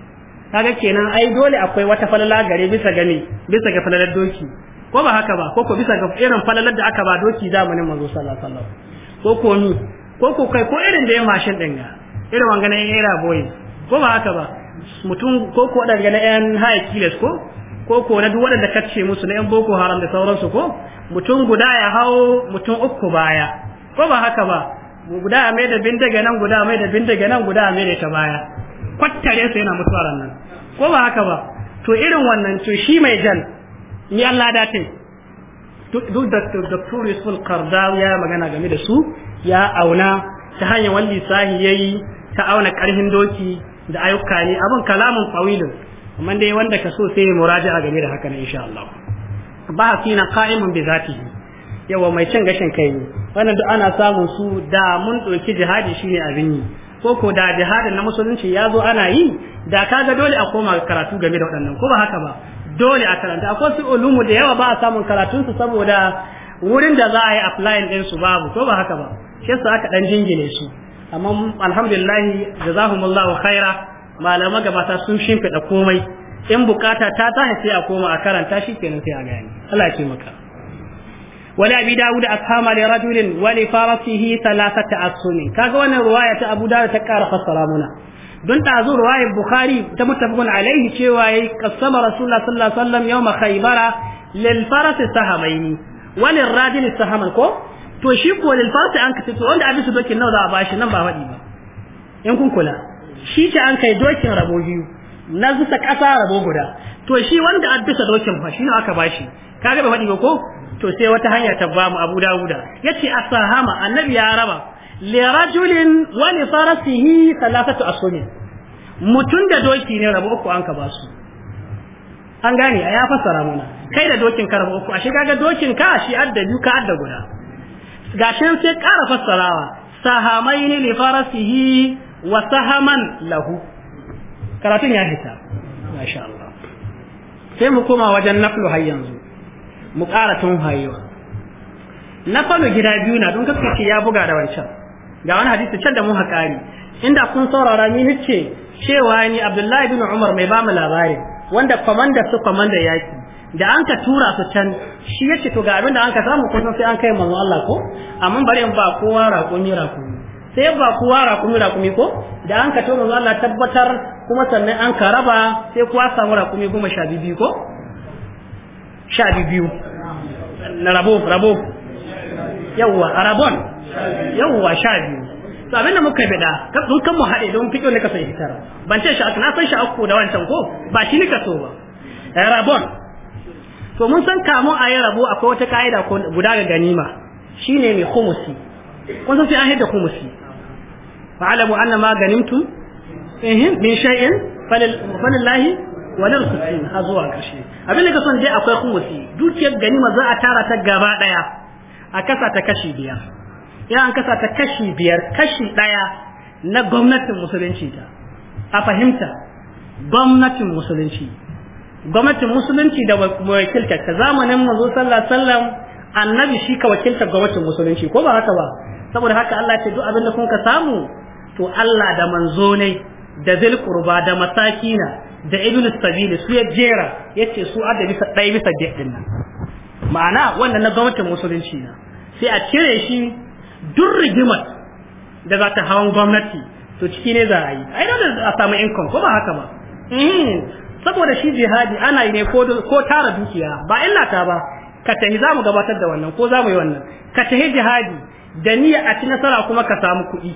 kaga kenan ai dole akwai wata falala gare bisa ga bisa ga falalar doki ko ba haka ba ko ko bisa ga irin falalar da aka ba doki zamanin manzo sallallahu alaihi wasallam ko ko ni ko ko kai ko irin da ya mashin din ga irin wangana ya era boy ko ba haka ba mutum ko ko daga na yan high kilos ko ko ko na duk waɗanda kace musu na yan boko haram da sauransu ko mutum guda ya hawo mutum uku baya ko ba haka ba guda mai da bindiga nan guda mai da bindiga nan guda mai da ta baya kwattare su yana mutuwa nan ko ba haka ba to irin wannan to shi mai jan ni Allah da tin duk da Dr. Yusuf Qardawi ya magana game da su ya auna ta hanyar wani lissahi yayi ta auna karhin doki da ayyuka ne abin kalamin fawilin amma dai wanda ka so sai a game da haka na insha Allah ba fi na qa'imun bi zatihi yawa mai cin gashin kai ne wannan duk ana samun su da mun doki jihadi shine abin yi ko ko da jihadin na musulunci ya zo ana yi da kaga dole a koma karatu game da waɗannan ko ba haka ba dole a karanta akwai su ulumu da yawa ba a samun karatun su saboda wurin da za a yi applying din su babu to ba haka ba shi su aka dan jingine su amma alhamdulillah jazakumullahu khaira malama gabata sun shimfiɗa komai in bukata ta tashi sai a koma a karanta shi kenan sai a gani Allah ya taimaka wala abi daud ashama li rajulin wa li farasihi thalathata asmin kaga wannan ruwaya ta abu daud ta kara fassara muna don ta zo ruwayar bukhari ta muttafaqun alaihi cewa yayi qasama rasulullah sallallahu alaihi wasallam yawma khaybara lil faras sahamaini wani lil ta sahaman ko to shi ko lil faras an kace to wanda abin su dokin nawa za a bashi nan ba wadi ba Yan kun kula shi ce an kai dokin rabo biyu na zuta ƙasa rabo guda to shi wanda an bisa dokin fa shi ne aka bashi ga ba wadi ba ko to sai wata hanya ta bamu abu dawuda yace asahama annabi ya raba لرجل wani farasihi talafatu asumin mutum da doki ne rabu uku an ka ba su an gane a ya fassara muna kai da dokin ka rabu uku a shiga ga dokin ka shi adda biyu ka adda guda gashin sai ƙara fassarawa sahamaini li farasihi wa sahaman lahu karatun ya hita masha Allah sai mu koma wajen naflu har yanzu mu ƙara tun hayewa nafalu gida biyu na don kasance ya buga da wancan ga wani hadisi can da mun haƙari inda kun saurara ni nace cewa ni Abdullahi bin Umar mai bamu labari wanda komanda su komanda yaki da an ka tura su can shi yace to ga abin da an ka samu ko sai an kai manzo Allah ko amma bari in ba kowa raƙumi raƙumi sai ba kowa raƙumi raƙumi ko da an ka tura Allah tabbatar kuma sannan an ka raba sai kowa samu raƙumi goma sha biyu ko sha biyu na rabo rabo yawwa arabon yawwa sha biyu to abin da muka bida dukkan mu haɗe don fiƙo ne ka sai hitar ban ce shi na san shi akko da wancan ko ba shi ne ka so ba arabon to mun san kamo a yi rabo akwai wata ka'ida guda ga ganima shine mai khumusi kun san sai an hidda khumusi fa'alamu anna ma ganimtu eh min shay'in falillahi walil khusin har zuwa ƙarshe abin da ka son dai akwai khumusi dukiyar ganima za a tara ta gaba daya a kasa ta kashi biyar ya an kasa ta kashi biyar kashi ɗaya na gwamnatin musulunci ta a fahimta gwamnatin musulunci gwamnatin musulunci da wakilta ta zamanin manzo sallah, sallam annabi shi ka wakilta gwamnatin musulunci ko ba haka ba saboda haka Allah ce duk abin da kun ka samu to Allah da manzo ne da zil da masakina da ibnu sabili su ya jera yace su adda bisa ɗaya bisa biyar din nan ma'ana wannan na gwamnatin musulunci na sai a cire shi duk rigimar da za ta hawan gwamnati to ciki ne za a yi ai da a samu income ko ba haka ba hmm. saboda shi jihadi ana yi ne ko tara dukiya ba illata ba ka tahi za mu gabatar da wannan ko za mu yi wannan ka tahi jihadi da ni a ci nasara kuma ka samu kuɗi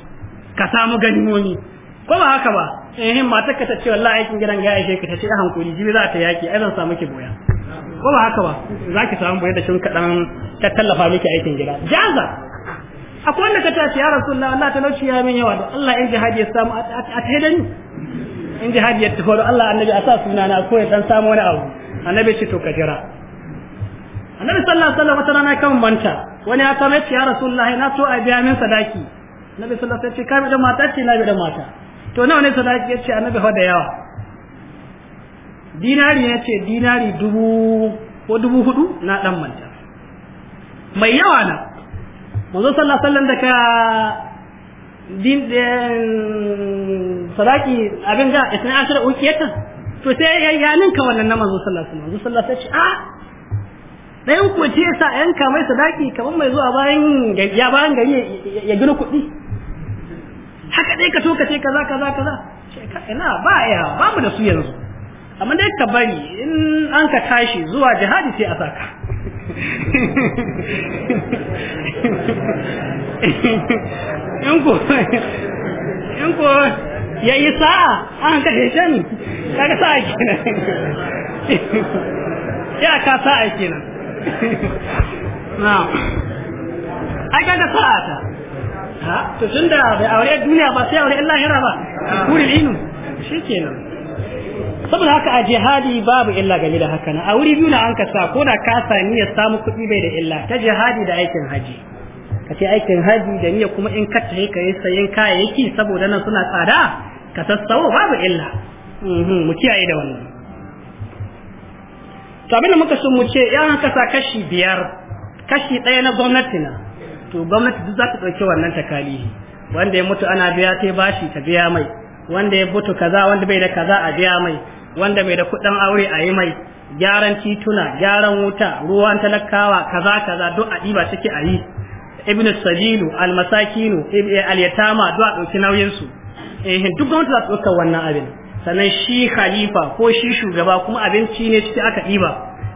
ka samu ganimoni ko ba haka ba eh matar ka ta ce wallahi aikin gidan ga ya ka ta ce hankuri jibi za ta yaki ai zan samu ki boya ko ba haka ba za ki samu bayan da shi kaɗan ta tallafa miki aikin gida jaza akwai wanda ka tashi ya rasulullah Allah talauci ya min yawa da Allah in jihadi ya samu a taida ni in jihadi ya tafi Allah annabi a sa suna na ko ya dan samu wani abu annabi ce to ka jira annabi sallallahu alaihi wasallam wata rana kan manta wani ya sanar ya rasulullah na so a biya min sadaki annabi sallallahu alaihi wasallam ce kai da mata ce na bi da mata to nawa ne sadaki ya ce annabi fa da yawa dinari ya ce dinari dubu ko dubu hudu na dan manta mai yawa na manzo sallallahu sallan da ka din eh, sadaki abin ga isna ashara ukiyatan to sai ya ninka wannan na manzo sallallahu alaihi wasallam manzo sallallahu alaihi wasallam a ah! ɗayan ku ce sa yanka mai sadaki kaman mai zuwa bayan ya bayan gari ya gina kuɗi haka dai ka to ka ce kaza kaza kaza ina ba ya ba mu da su yanzu amma dai ka bari in an ka tashi zuwa jihadi sai a saka in ko in ko yayi sa'a an ka tashi ne kaga sa'a kenan ya ka sa'a kenan na ai kaga sa'a ta ha to tunda bai aure duniya ba sai aure lahira raba kuri inu shi kenan saboda haka a jihadi babu illa game da haka na, a wuri biyu na an kasa ko da ka sami ya samu kuɗi bai da illa ta jihadi da aikin haji ka ce aikin haji da niyya kuma in ka tafi ka yi sayen kayayyaki saboda nan suna tsada ka sassawo babu illa mhm, mu kiyaye da wannan to abin da muka so mu ce yan kasa kashi biyar kashi ɗaya na gwamnati na to gwamnati duk za ta ɗauki wannan takali wanda ya mutu ana biya sai bashi ta biya mai wanda ya butu kaza wanda bai da kaza a biya mai wanda bai da kuɗin aure a yi mai gyaran tituna gyaran wuta ruwan talakawa kaza kaza duk a ɗiba take a yi ibnu sajilu almasakinu eh, alyatama duk a ɗauki nauyin su eh duk gwamnati za su wannan abin sannan shi khalifa ko shi shugaba kuma abinci ne ciki aka ɗiba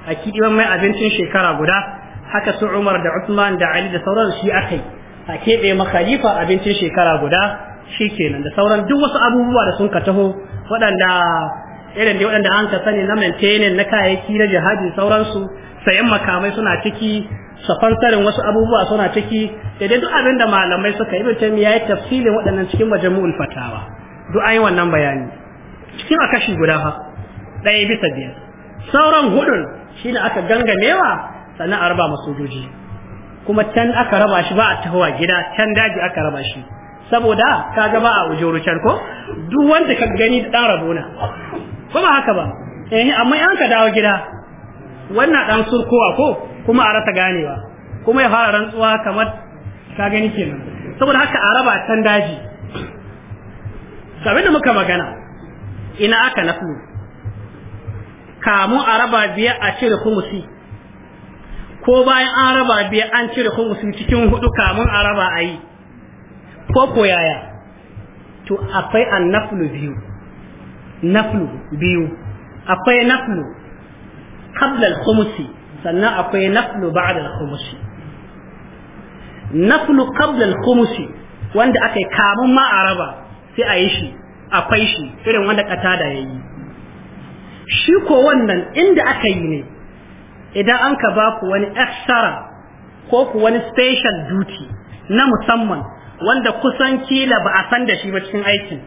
a kiɗiban mai abincin shekara guda haka su Umar da Usman da Ali da sauran shi aka a keɓe ma khalifa abincin shekara guda shi kenan da sauran duk wasu abubuwa da sun ka taho waɗanda irin da waɗanda an ka sani na maintaining na kayayyaki na jihadi sauransu sayan makamai suna ciki safansarin wasu abubuwa suna ciki da dai duk abin da malamai suka yi mutum ya yi tafsilin waɗannan cikin majami'ul fatawa duk an yi wannan bayani cikin a kashi guda fa ɗaya bisa biyar sauran hudun shi ne aka gangamewa sannan a raba masojoji kuma can aka raba shi ba a tahowa gida can daji aka raba shi saboda ga ba a ujuru ko duk wanda ka gani da dan rabona ko ba haka ba eh amma in ka dawo gida wannan dan surkowa ko kuma a rasa ganewa kuma ya fara rantsuwa kamar ka gani kenan saboda haka araba tan daji sabin da muka magana ina aka nafu kamu araba biya a cire kumusi ko bayan an raba biya an cire kumusi cikin hudu kamun araba ayi ko ko yaya to akwai annaflu biyu naflu biyu akwai naflu qabla al-khumusi sannan akwai naflu ba'da al-khumusi naflu qabla al-khumusi wanda aka yi kamun ma araba sai a yi shi akwai shi irin wanda da yayi shi ko wannan inda aka yi ne idan an ka ba ku wani extra ko ku wani special duty na musamman wanda kusan kila ba a san da shi ba cikin aikin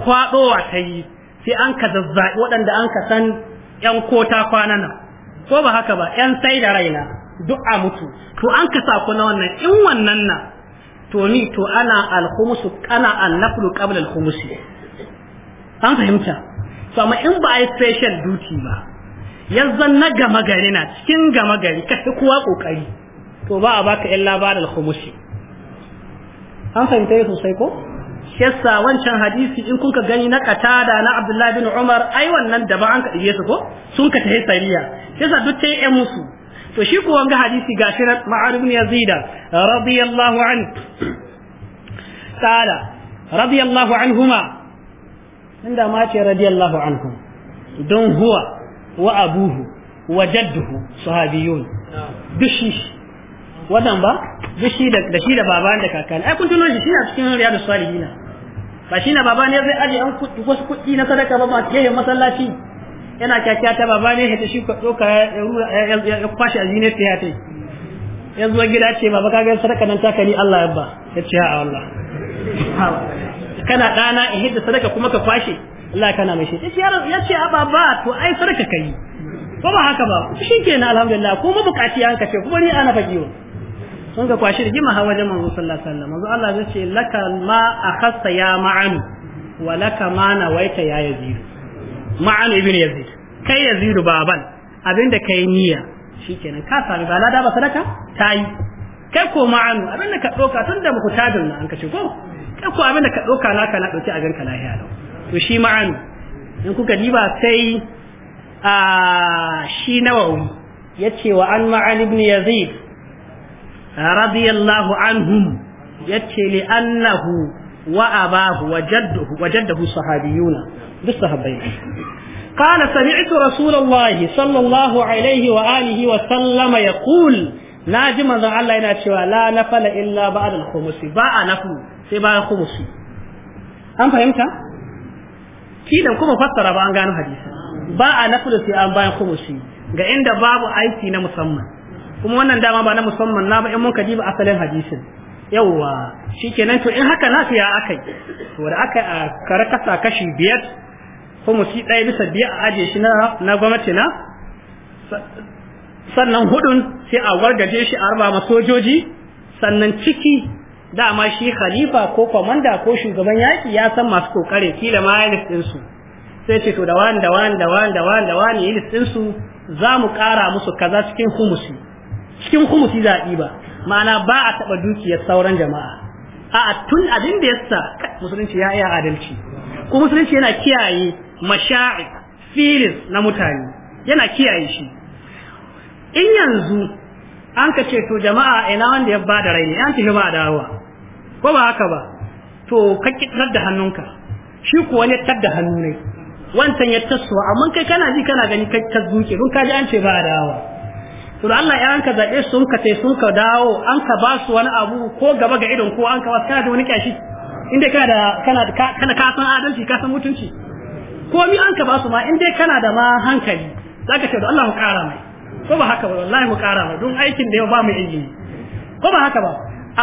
kwaɗowa ta yi sai an ka zazzaɓi waɗanda an ka san ‘yan kota kwana nan ko ba haka ba ‘yan sai da raina duk a mutu to an ka sako na wannan in wannan na to ni to ana alhumusu ana annaflu qabla alhumusi an fahimta to amma in ba a yi special duty ba yanzu na gama gari na cikin gama gari ka fi kuwa kokari to ba a baka illa ba da alhumusi an fahimta ya sosai ko shessa wancan hadisi in kuka gani na katada na abdullahi bin umar ai wannan da ba an ka dige su ko sun ka tahi sariya shessa duk ta yi musu to shi ko wanga hadisi gashi na ma'arib bin yazid radiyallahu an qala radiyallahu anhuma inda ma ce radiyallahu anhum don huwa wa abuhu wa jadduhu sahabiyun dushi wannan ba duk shi da shi da baban da kakan ai kun tuno shi shi a cikin riyadu salihin ba shi na baba ne zai aje an kuɗi wasu kuɗi na sadaka ba ma ke masallaci yana kyakkya ta baba ne ya ta shi ka ɗauka ya kwashi a ta ya ya zuwa gida ce baba ka ga sadaka nan ta kani Allah ya ba ya ce a Allah kana dana in hidda sadaka kuma ka kwashe Allah kana mai shi ya ce a baba to ai sadaka kai ko ba haka ba kenan alhamdulillah ko mabukaci an kace kuma ni ana fakiyo kun ga kwashi rigima ha wajen manzo sallallahu alaihi wasallam manzo Allah zai ce laka ma akhasta ya ma'ani wa laka ma waita ya yazid ma'ani ibn yazid kai yazid baban abinda kai niyya shikenan ka sami ba lada ba sadaka tayi kai ko ma'ani abinda ka doka tunda muku tadin na an kace ko kai ko abinda ka doka naka na dauki a ganka lahiya lau to shi ma'ani in kuka diba sai a ah, shi nawawi yace wa an ma'ani ibn yazid radiyallahu anhum yace li annahu wa abahu wa jadduhu wa jadduhu sahabiyuna duk sahabbai قال سمعت رسول الله صلى الله عليه وآله وسلم يقول ناجم ذا الله ينا cewa لا نفل إلا بعد الخمس باء نفل sai bayan khumusi an fahimta kidan kuma fassara ba an gano hadisi ba a nafilu sai an ga inda babu aiki na musamman kuma wannan dama ba na musamman na ba in mun kaji ba asalin hadisin yawwa shikenan to in haka na ya akai to da aka kare kasa kashi biyar mu shi ɗaya bisa biyar a ajiye shi na gwamnati na sannan hudun sai a wargaje shi a raba sojoji sannan ciki dama shi khalifa ko kwamanda ko shugaban yaƙi ya san masu kokare kila ma ya listinsu sai ce to da wani da wani da wani da wani da wani yi listinsu za mu ƙara musu kaza cikin humusi cikin khumusi za ba ma'ana ba a taɓa dukiyar sauran jama'a a tun abin da yasa musulunci ya iya adalci ko musulunci yana kiyaye mashari filin na mutane yana kiyaye shi in yanzu an ka ce to jama'a ina wanda ya bada rai ne an jama'a ba hawa ko ba haka ba to ka kitar da hannunka shi kuwa ne tar da hannu ne wancan ya tasowa amma kai kana ji kana gani kai ka zuke don ka ji an ce ba hawa to Allah ya ranka zabe su ka tai sun ka dawo an ka ba su wani abu ko gaba ga idon ko an ka wasu kana da wani kyashi inda kana da kana da kana ka san adalci ka san mutunci ko mi an ka ba su ma inda kana da ma hankali zaka ce da Allah mu kara mai ko ba haka ba wallahi mu kara mai don aikin da yau ba mu yi ko ba haka ba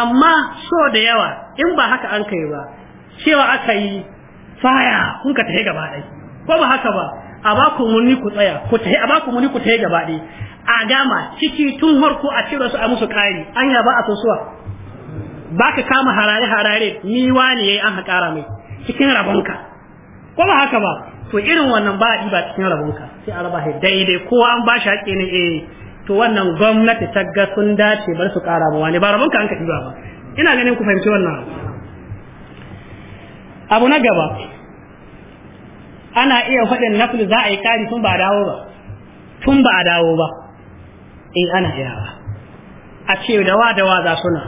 amma so da yawa in ba haka an kai ba cewa aka yi faya kun ka tafi gaba ɗai ko ba haka ba a ba ku muni ku tsaya ku tafi a ba ku muni ku tafi gaba ɗai a dama ciki tun harko a cire su a musu kari an ba a sosuwa ba ka kama harare harare ni wani yayi an haƙara mai cikin rabonka ko ba haka ba to irin wannan ba a ba cikin rabonka sai a raba daidai ko an ba shi haƙƙi ne eh to wannan gwamnati ta ga sun dace bar su ƙara ba wani ba rabonka an ka diba ba ina ganin ku fahimci wannan abu na gaba ana iya faɗin nafil za a yi kari tun ba a dawo ba tun ba a dawo ba in ana yara a ce dawa dawa za suna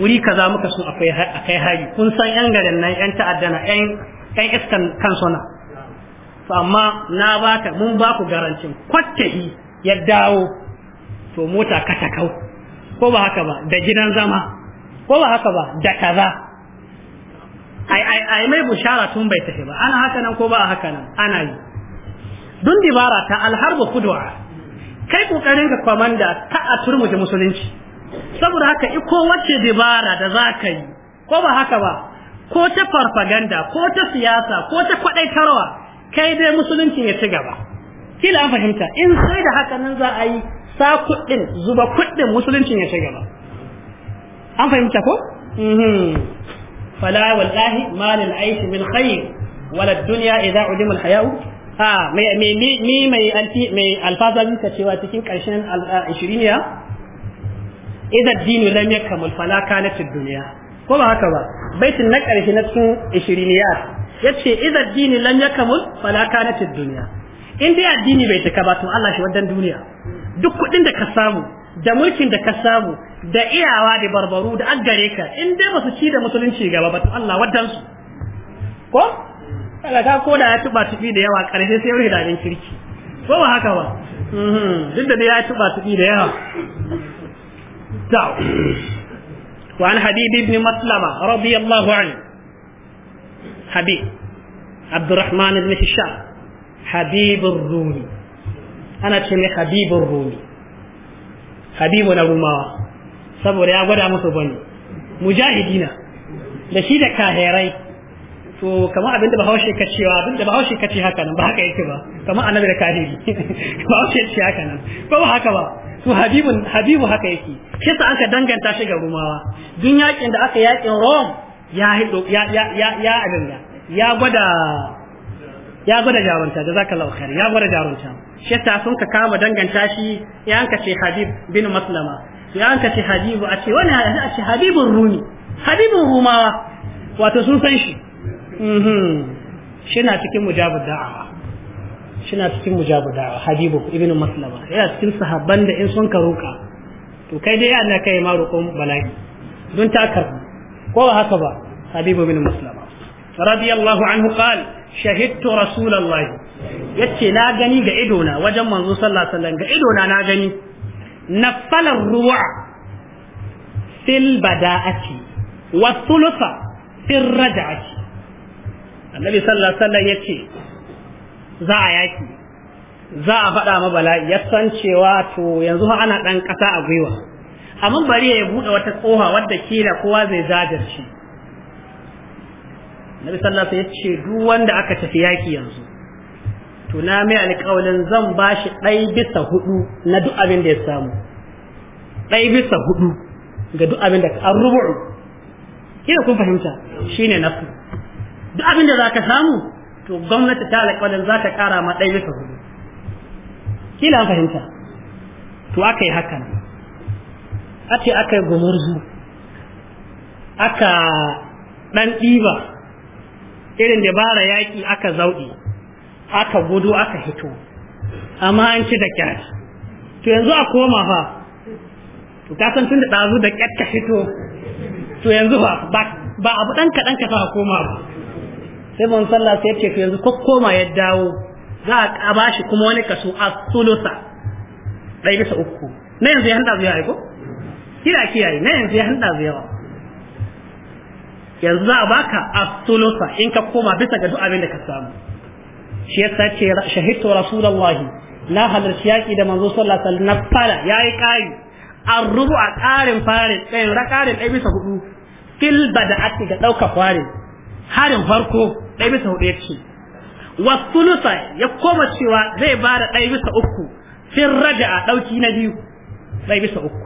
wuri kaza muka sun akai hari kun san yan garin nan yan ta'adda na yan iskan kan suna to amma na baka mun ba ku garancin kwattahi ya dawo to mota kau ko ba haka ba da gidan zama ko ba haka ba da kaza ai ai ai mai bushara tun bai tafi ba ana haka nan ko ba haka nan ana yi dun dibara ta alharbu kudwa kai kokarin ka kwamanda ta a turmuje musulunci saboda haka iko wacce dibara da za yi ko ba haka ba ko ta farfaganda ko ta siyasa ko ta tarwa, kai dai musulunci ya ci gaba kila an fahimta in sai da haka nan za a yi sa kuɗin zuba kuɗin musuluncin ya ci gaba an fahimta ko mhm. fala wallahi malil aishi min khair wala dunya idha udima al haya'u a mai mai mi mai alfi mai alfazabi ka cewa cikin ƙarshen al-20 idza dinu lam yakmul fala kanat ad-dunya ko ba haka ba baitin na karshe na cikin 20 yace idza dinu lam yakmul fala kanat ad-dunya in dai addini bai cika ba to Allah shi wadan duniya duk kuɗin da ka samu da mulkin da ka samu da iyawa da barbaru da aggare ka in dai ba su ci da musulunci gaba ba to Allah wadan ko kaga ka da ya tuba tubi da yawa karshe sai rufe da kirki ko ba haka ba mhm. duk da ya tuba tubi da yawa ta وعن حبيب بن مسلمة رضي الله ana ce mai rumi habibu na rumawa saboda ya gwada musu bane mujahidina da shi da kahirai to kamar abin da bahaushe ka cewa abin da bahaushe ka ce haka nan ba haka yake ba kamar annabi da kadiri bahaushe ce haka nan ba ba haka ba to habibun habibu haka yake shi sa aka danganta shi ga rumawa dun yakin da aka yakin rome ya hido ya ya ya ya abinda ya gwada ya gwada jarunta da zaka lau khair ya gwada jarunta shi sa sun ka kama danganta shi ya anka ce habib bin maslama ya anka ce habibu a ce wani a ce habibun rumi habibun rumawa wato sun san shi Mhm. Shina cikin mujabu da'awa shi cikin mujabu da'awa habibu ibn maslama yana cikin sahabban da in sun ka to kai dai Allah kai ma roƙon bala'i don ta karbu ko haka ba habibu ibn maslama radiyallahu anhu qala shahidtu rasulullahi yace na gani ga idona wajen manzo sallallahu alaihi wasallam ga idona na gani nafalar ruwa fil bada'ati wa thulutha fil rada'ati annabi sallallahu alaihi wasallam yace za a yaki za a faɗa ma bala'i ya san cewa to yanzu ana ɗan ƙasa a gwiwa amma bari ya buɗe wata tsoha wadda kila kowa zai jajirce annabi sallallahu alaihi wasallam yace duk wanda aka tafi yaki yanzu to na mai alƙawalin zan bashi ɗai bisa hudu na duk abin da ya samu ɗai bisa hudu ga duk abin da an rubu'u kina kun fahimta shine nafsu duk abin da za ka samu to gwamnati ta alƙalin za ta ƙara ma ɗaya bisa hudu kila an fahimta to aka yi hakan a ce aka yi zu aka ɗan ɗiba irin da bara yaƙi aka zauɗi aka gudu aka hito amma an ci da kyar to yanzu a koma fa to san tun da ɗazu da kyar ka hito to yanzu ba ba abu ɗan kaɗan ka sa a koma ba sai mun sallah sai ko yanzu ko koma ya dawo za a bashi kuma wani kaso a sulusa dai bisa uku na yanzu ya handa zuwa ko kira kiyaye na yanzu ya handa zuwa yanzu za a baka a sulusa in ka koma bisa ga duk abin da ka samu shi yasa ce shahidtu rasulullahi na halarci yaki da manzo sallallahu alaihi wasallam na fara yayi kai an rubu a ƙarin farin ɗayan ra dai ɗaya bisa hudu fil bada'ati ga ɗaukar farin harin farko ɗaya bisa hudu ya ce wasulusa ya koma cewa zai ba da ɗaya bisa uku fin raja a ɗauki na biyu ɗaya bisa uku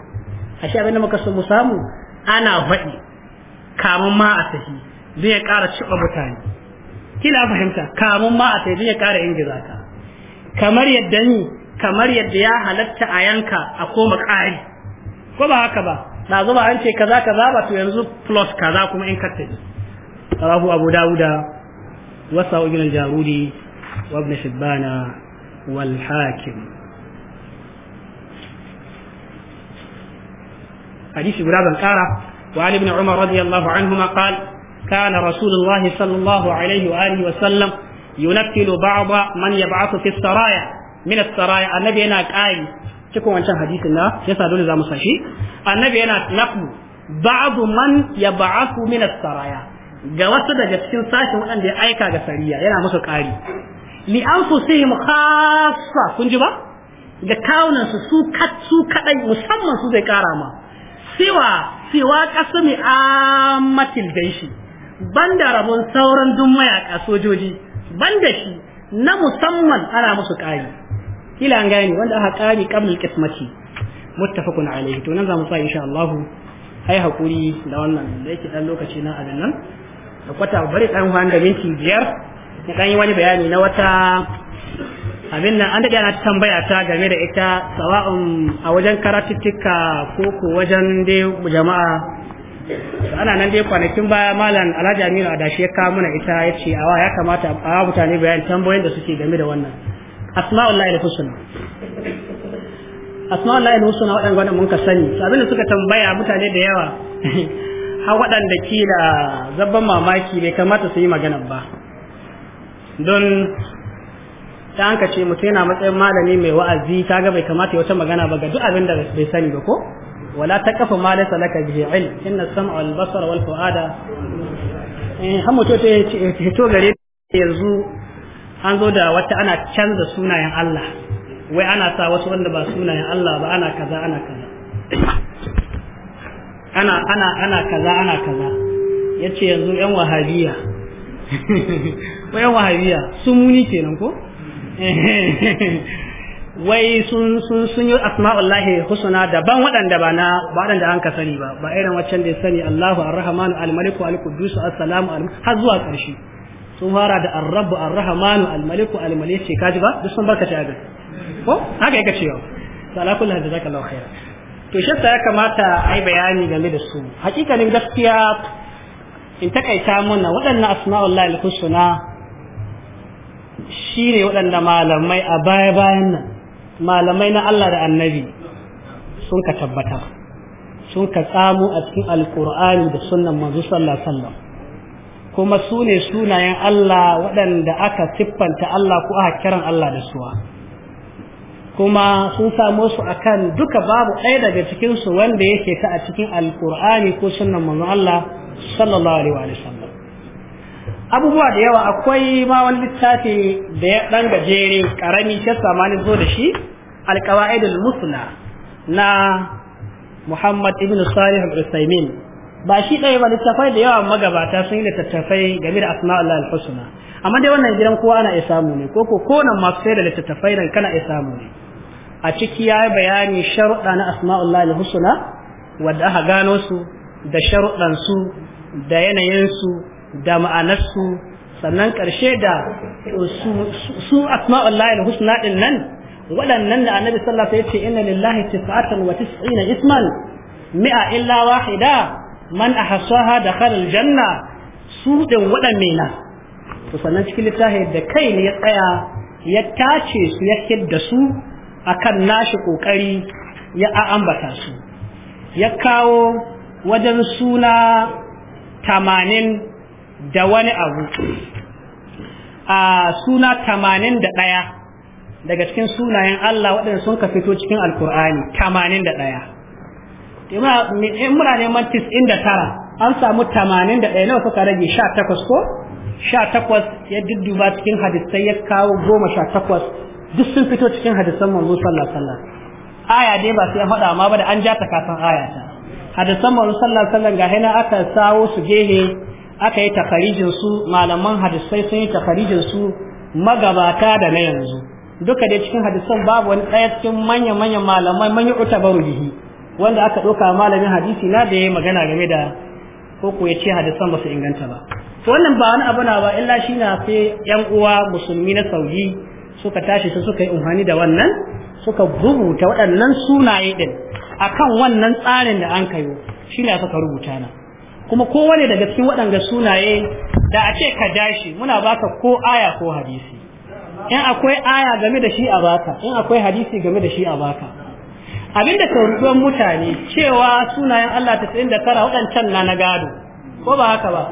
a shi abinda muka so mu samu ana faɗi kamun ma a sahi zai ƙara ciɓa mutane kila fahimta kamun ma a sahi zai ƙara ingiza ka kamar yadda ni kamar yadda ya halatta a yanka a koma ƙari ko ba haka ba na zuba an ce kaza kaza ba to yanzu plus kaza kuma in kattaji Allahu abu dawuda وسعوا ابن الجارودي وابن شبان والحاكم حديث غراب الكارة وعن ابن عمر رضي الله عنهما قال كان رسول الله صلى الله عليه وآله وسلم ينكل بعض من يبعث في السرايا من السرايا النبي هنا قال cikin wancan hadisin na yasa dole za mu sashi annabi yana naqlu ba'du man yab'athu min as-saraya ga wasu daga cikin sashen waɗanda ya aika ga sariya yana musu ƙari li mu kasa kun ji ba ga kawunansu su katsu kaɗai musamman su zai ƙara ma siwa siwa kasami shi, ban da rabon sauran duk mayaƙa sojoji ban da shi na musamman ana musu ƙari kila an gane wanda aka ƙari qabl Mustapha muttafaqun alayhi to nan za mu sa insha Allah ai hakuri da wannan da yake dan lokaci na abin nan da kwata bari dan wani da minti biyar in kan yi wani bayani na wata abin nan an daɗe ana tambaya ta game da ita sawa'un a wajen karatuttuka ko ko wajen dai jama'a ana nan dai kwanakin baya malam alhaji aminu adashi ya kawo mana ita ya ce awa ya kamata a kawo mutane bayan tambayoyin da suke game da wannan lahi al asma'ul lahi al-husna waɗanda wannan mun ka sani da suka tambaya mutane da yawa har waɗanda kila zabban mamaki bai kamata su yi magana ba don ta an ce mutum yana matsayin malami mai wa'azi ta ga bai kamata wata magana ba ga duk abin da bai sani ba ko wala ta kafa ma da salaka bihi il inna sam'a wal basara wal fuada eh har mutum ta hito gare yanzu an zo da wata ana canza sunayen Allah wai ana sa wasu wanda ba sunayen Allah ba ana kaza ana kaza ana ana ana kaza ana kaza yace yanzu yan wahabiya wai yan wahabiya su muni kenan ko wai sun sun sun yi asma'ullahi husna daban waɗanda ba na ba waɗanda an ka sani ba ba irin waccan da sani Allahu ar-Rahmanu al-Maliku al-Quddus as-Salamu har zuwa ƙarshe sun fara da ar-Rabb ar-Rahmanu al-Maliku al-Malik kaji ba duk sun barka ta ga ko haka yake cewa to ala jazakallahu khairan to shi ya kamata a yi bayani game da su hakikanin gaskiya in takaita muna waɗannan Asma'ul al-husna shine waɗanda malamai a baya bayan nan malamai na Allah da annabi sun ka tabbata sun ka tsamo a cikin alkur'ani da sunnan manzo sallallahu alaihi wasallam kuma su ne sunayen Allah waɗanda aka siffanta Allah ko aka kiran Allah da suwa kuma sun samo su akan duka babu ɗaya daga cikin su wanda yake ta a cikin alkur'ani ko sunan manzon Allah sallallahu alaihi wa sallam abubuwa da yawa akwai ma wani littafi da ya dan gajere karami ta samani zo da shi alqawaidul musna na Muhammad ibn Salih al-Usaimin ba shi ɗaya ba littafai da yawa magabata sun yi littattafai game da asma'ul husna amma dai wannan gidan kowa ana iya samu ne ko ko masu sai da littattafai nan kana iya samu ne a ciki ya bayani sharuɗa na asma'ullahi husna wadda aka gano su da sharuɗansu da yanayinsu da ma'anarsu sannan ƙarshe da su asma'ullahi husna ɗin nan waɗannan da annabi sallallahu alaihi wasallam ya ce inna lillahi tis'atan wa tis'ina isman mi'a illa wahida man ahsaha dakhala janna, su din waɗanne na to sannan cikin littafin da kai ne ya tsaya ya tace su ya su akan nashi kokari ya ambata su ya kawo wajen suna tamanin da wani abu a suna tamanin da ɗaya daga cikin sunayen Allah waɗanda sun ka fito cikin alkur'ani tamanin da ɗaya in muna neman tis'in da tara an samu tamanin da ɗaya nawa suka rage sha takwas ko sha takwas ya dudduba cikin hadisai ya kawo goma sha takwas duk sun fito cikin hadisan manzo sallallahu alaihi wasallam aya dai ba sai an faɗa amma ba da an ja ta kafin aya ta hadisan manzo sallallahu alaihi wasallam ga hina aka sawo su gehe aka yi takarijin su malaman hadisai sun yi takarijin su magabata da na yanzu duka dai cikin hadisan babu wani ɗaya cikin manya manya malamai manyan utabaru bihi wanda aka ɗauka malamin hadisi na da ya magana game da ko ko ya ce hadisan ba su inganta ba to wannan ba wani abu na ba illa shi na sai yan uwa musulmi na sauyi suka tashi su suka yi umarni da wannan suka rubuta waɗannan sunaye a kan wannan tsarin da an kayo shi ne suka rubuta na kuma kowane daga cikin waɗanda sunaye da a ce ka dashi muna baka ko aya ko hadisi in akwai aya game da shi a baka in akwai hadisi game da shi a baka abinda ka rubuwan mutane cewa sunayen Allah 99 waɗancan na na gado ko ba haka ba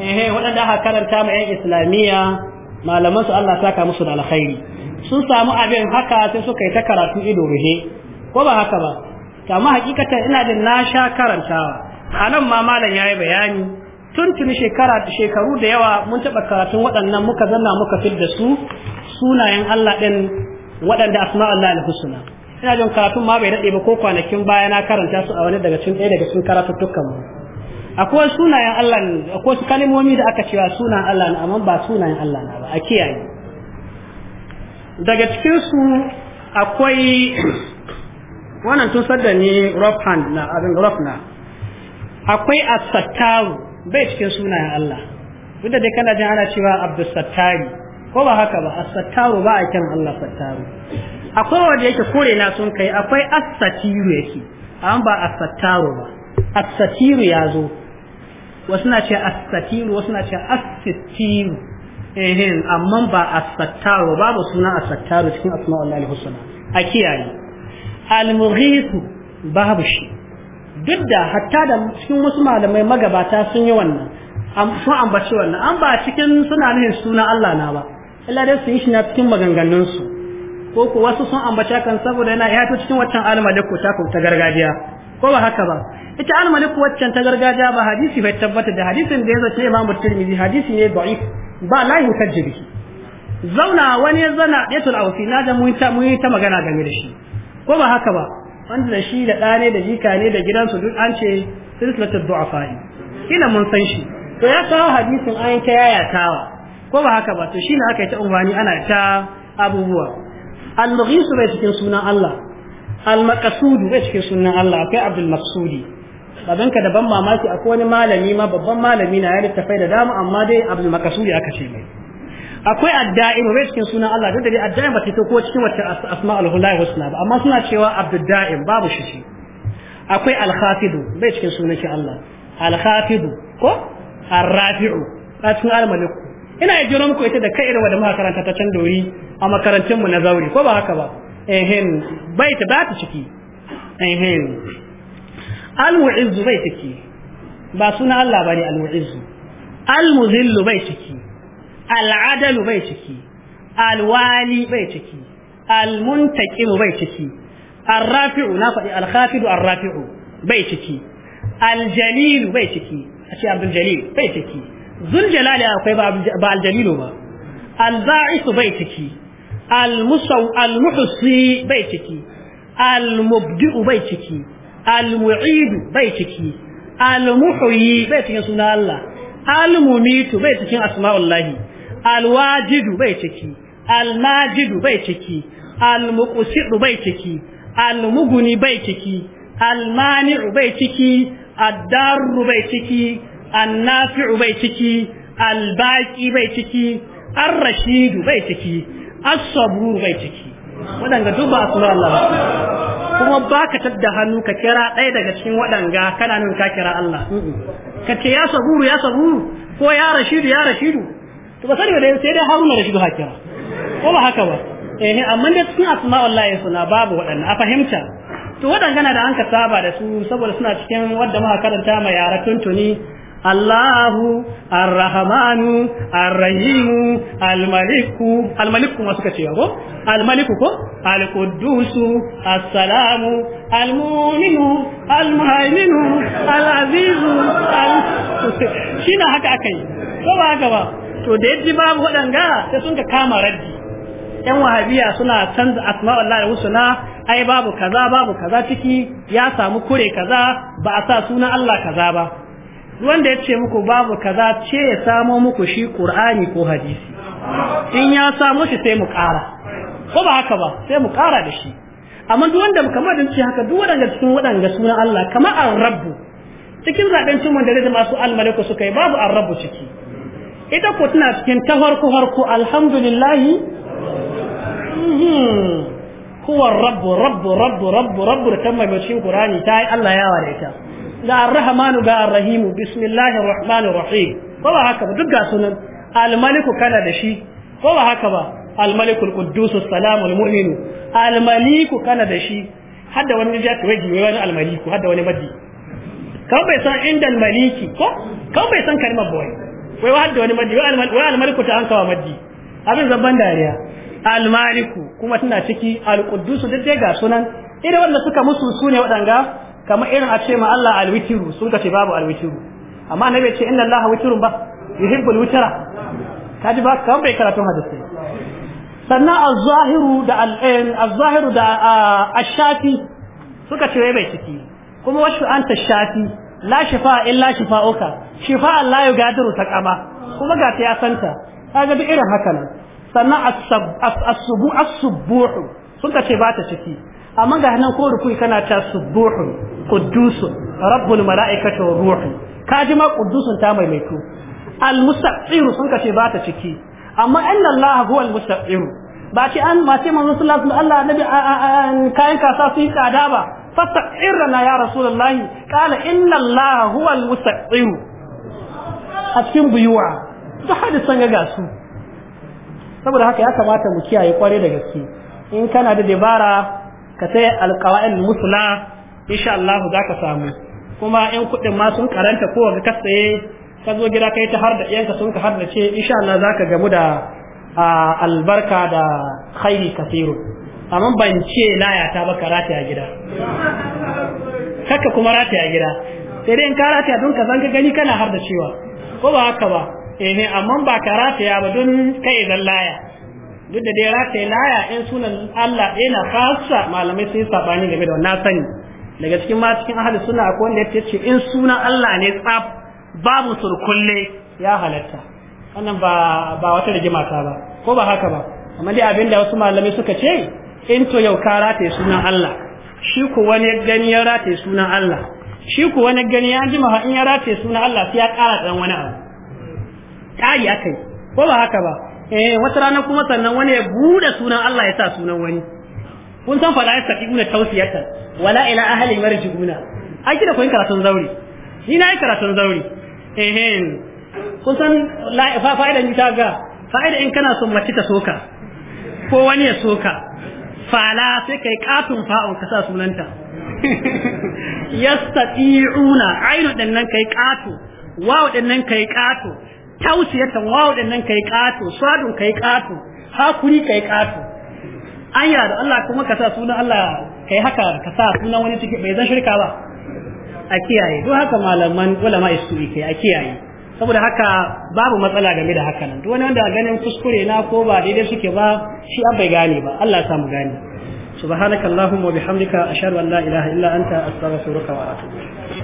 eh waɗanda aka karanta ma 'yan islamiyya malaman su Allah saka musu da alkhairi sun samu abin haka sai suka yi ta karatu ido ruhe ko ba haka ba amma hakikatan ina da na sha karantawa a nan ma malam ya yi bayani tun tuni shekara shekaru da yawa mun taɓa karatun waɗannan muka zanna muka fidda su sunayen Allah ɗin waɗanda Allah al-husna ina jin karatun ma bai daɗe ba ko kwanakin baya na karanta su a wani daga cikin ɗaya daga cikin karatuttukan mu akwai sunayen Allah ne akwai kalmomi da aka cewa sunan Allah ne amma ba sunayen Allah ne ba a kiyaye daga cikin su akwai wannan tun sadda ne rough hand na abin rough na akwai as-sattaru bai cikin sunayen Allah duk da dai kana jin ana cewa Abdus Sattari ko ba haka ba as-sattaru ba a kiran Allah sattaru akwai wanda yake kore na sun kai akwai as-satiru yake amma ba as-sattaru ba as-satiru ya zo wasu na ce asatiru wasu na ce asatiru ehin amma ba as-sattaru babu suna cikin asma Allah asma'ul husna a kiyaye al-mughithu babu shi duk da hatta da cikin wasu malamai magabata sun yi wannan sun ambaci wannan an ba cikin suna nufin suna Allah na ba Allah dai su yi shi na cikin maganganunsu ko ko wasu sun ambaci kan saboda yana ya cikin waccan alama da ko ta gargajiya ko ba haka ba ita al waccan ta gargajiya ba hadisi bai tabbata da hadisin da ya zace imamu tirmidhi hadisi ne da'if ba la yukajji bihi zauna wani ya zana ayatul awsi na da mun ta mun ta magana game da shi ko ba haka ba wanda da shi da ɗane da jika ne da gidansu duk an ce silsilatul du'afa kila mun san shi to ya kawo hadisin an ta yayatawa ko ba haka ba to shine aka yi ta umarni ana ta abubuwa al-mughis bai cikin sunan Allah al-maqsudu bai cikin sunan Allah akwai abdul maqsudi baban ka daban mamaki akwai wani malami ma babban malami na ya littafai da dama amma dai abdul maqsudi aka ce mai akwai adda'im bai cikin sunan Allah duk da ba ta ko cikin wata asma'ul hula'i husna ba amma suna cewa abdul da'im babu shi shi akwai al khafidu cikin sunan shi Allah al khafidu ko ar rafi'u a cikin ina jira muku ita da kai da muka karanta ta a makarantun mu na zauri ko ba haka ba ehen bai ta ba ta ciki ehen almu'izzu bai ciki ba suna Allah bane almu'izzu almuzillu bai ciki al'adalu bai ciki alwali bai ciki almuntaqimu bai ciki arrafi'u na faɗi alkhafidu arrafi'u bai ciki aljalilu bai ciki a ce abdul jalil bai ciki zul jalali akwai ba aljalilu ba alba'isu bai ciki المسو المحصي بيتكي المبدئ بيتكي المعيد بيتكي المحيي بيتكي سنة الله المميت بيتكي أسماء الله الواجد بيتكي الماجد بيتكي المقصر بيتكي المغني بيتكي المانع بيتكي الدار بيتكي النافع بيتكي الباقي بيتكي الرشيد بيتكي as-sabru bai ciki wadanga duba ba Allah ba kuma baka tadda hannu ka kira ɗaya daga cikin wadanga kana nan ka kira Allah ka ce ya saburu ya saburu ko ya rashidu ya rashidu to ba sani da sai dai haruna rashidu ha kira ko ba haka ba eh amma da cikin asma wallahi suna babu wadannan a fahimta to wadanga na da an ka saba da su saboda suna cikin wadda muka karanta ma yara tuntuni Allahu Ar-Rahmanu Ar-Rahim Al-Maliku Al-Maliku ma suka ce ko Al-Maliku ko Al-Quddus as Al-Mu'min Al-Muhaymin al azizu al shine haka yi? ko ba haka ba to da yaji babu wadanga sai sun ka kama raddi yan wahabiya suna canza asma'ullahi husna ai babu kaza babu kaza ciki ya samu kure kaza ba a sa sunan Allah kaza ba wanda ya ce muku babu kaza ce ya samo muku shi qur'ani ko hadisi in ya samo shi sai mu ƙara ko ba haka ba sai mu ƙara da shi amma duk wanda kamar da ce haka duk wadanda cikin wadanda sunan Allah kamar ar-rabbu cikin zaben cin wanda da masu al-maliku suka yi babu ar-rabbu ciki ita ko tana cikin ta harku harku alhamdulillah mhm. huwa ar-rabbu rabbu rabbu rabbu rabbu da mai cikin qur'ani ta yi Allah ya ware ta ga ar-rahmanu ga ar-rahim bismillahir rahmanir rahim ko ba haka ba duk ga sunan al-maliku kana da shi ko ba haka ba al-malikul quddus salamul mu'min al-maliku kana da shi hadda wani ja ka wai wani al-maliku hadda wani maddi kan bai san inda al-maliki ko kan bai san kalmar boy wai hadda wani maddi wai al-maliku ta hankawa kawa maddi abin zaban dariya al-maliku kuma tana ciki al-quddus duk dai ga sunan irin wanda suka musu sune waɗanga kamar irin a ce ma Allah alwitiru sun ka ce babu alwitiru amma na bai ce inna Allah witirun ba yuhibbul witira kaji ba kamar bai karatu hadisi sannan az-zahiru da al-zahiru eh, da ash-shafi suka ce bai ciki kuma wasu ta shafi la shifa illa shifa'uka shifa la yugadiru taqama kuma ga ta ya santa kaga bi irin hakan sannan as-subu as-subu as-subuhu ce ba ta ciki amma ga nan ko rukui kana ta subuhu quddusun rabbul mala'ikati wa ruhu ka ji ma quddusun ta maimaito al mustaqir sun ce ba ta ciki amma inna allaha huwa al mustaqir ba ce an ba ce manzo sallallahu alaihi wasallam kayan kasa su yi tsada ba fastaqirna ya rasulullahi qala inna allaha huwa al mustaqir a cikin buyuwa da hadisan ga su saboda haka ya kamata mu kiyaye kware da gaske in kana da dabara ka sai alƙawa'in musna insha Allah za ka samu kuma in kuɗin ma sun karanta ko ga kasaye ka zo gida kai ta har da iyanka sun ka har da ce insha Allah za ka gamu da albarka da khairi kasiru amma ban ce ya ta ba rataya gida kaka kuma rataya gida sai dai in ka rataya don ka san ka gani kana har da cewa ko ba haka ba eh amma ba ka rataya ba don kai zan laya duk da dai rata laya yan sunan Allah ɗaya na fasa malamai sun yi saɓani game da wannan sani daga cikin ma cikin ahli suna akwai wanda ya ce in sunan Allah ne tsaf babu surkulle ya halatta wannan ba ba wata rigima ta ba ko ba haka ba amma dai abinda wasu malamai suka ce in to yau ka rataye sunan Allah shi ku wani gani ya rataye sunan Allah shi ku wani gani ya jima in ya rataye sunan Allah sai ya ƙara ɗan wani abu ƙari akai ko ba haka ba eh wata rana kuma sannan wani ya bude sunan Allah ya sa sunan wani kun san yasa yastaqimuna tawsiyatan wala ila ahli marjuna ai kida koyin karatun zauri ni na yi karatun zauri eh kun san la fa fa'idan ta ga fa'ida in kana son mace ta soka ko wani ya soka fala sai kai katun fa'un ka sa sunanta yastati'una ainu dannan kai katu wa dannan kai katu tauciyatan wawo din nan kai kato swadun kai kato hakuri kai kato anya da Allah kuma ka sa sunan Allah kai haka ka sa sunan wani ciki bai zan shirka ba a kiyaye duk haka malaman ulama isuri kai a kiyaye saboda haka babu matsala game da haka nan duk wani wanda ganin kuskure na ko ba daidai suke ba shi an bai gane ba Allah samu gane subhanakallahumma wa bihamdika ashhadu an la ilaha illa anta astaghfiruka wa atubu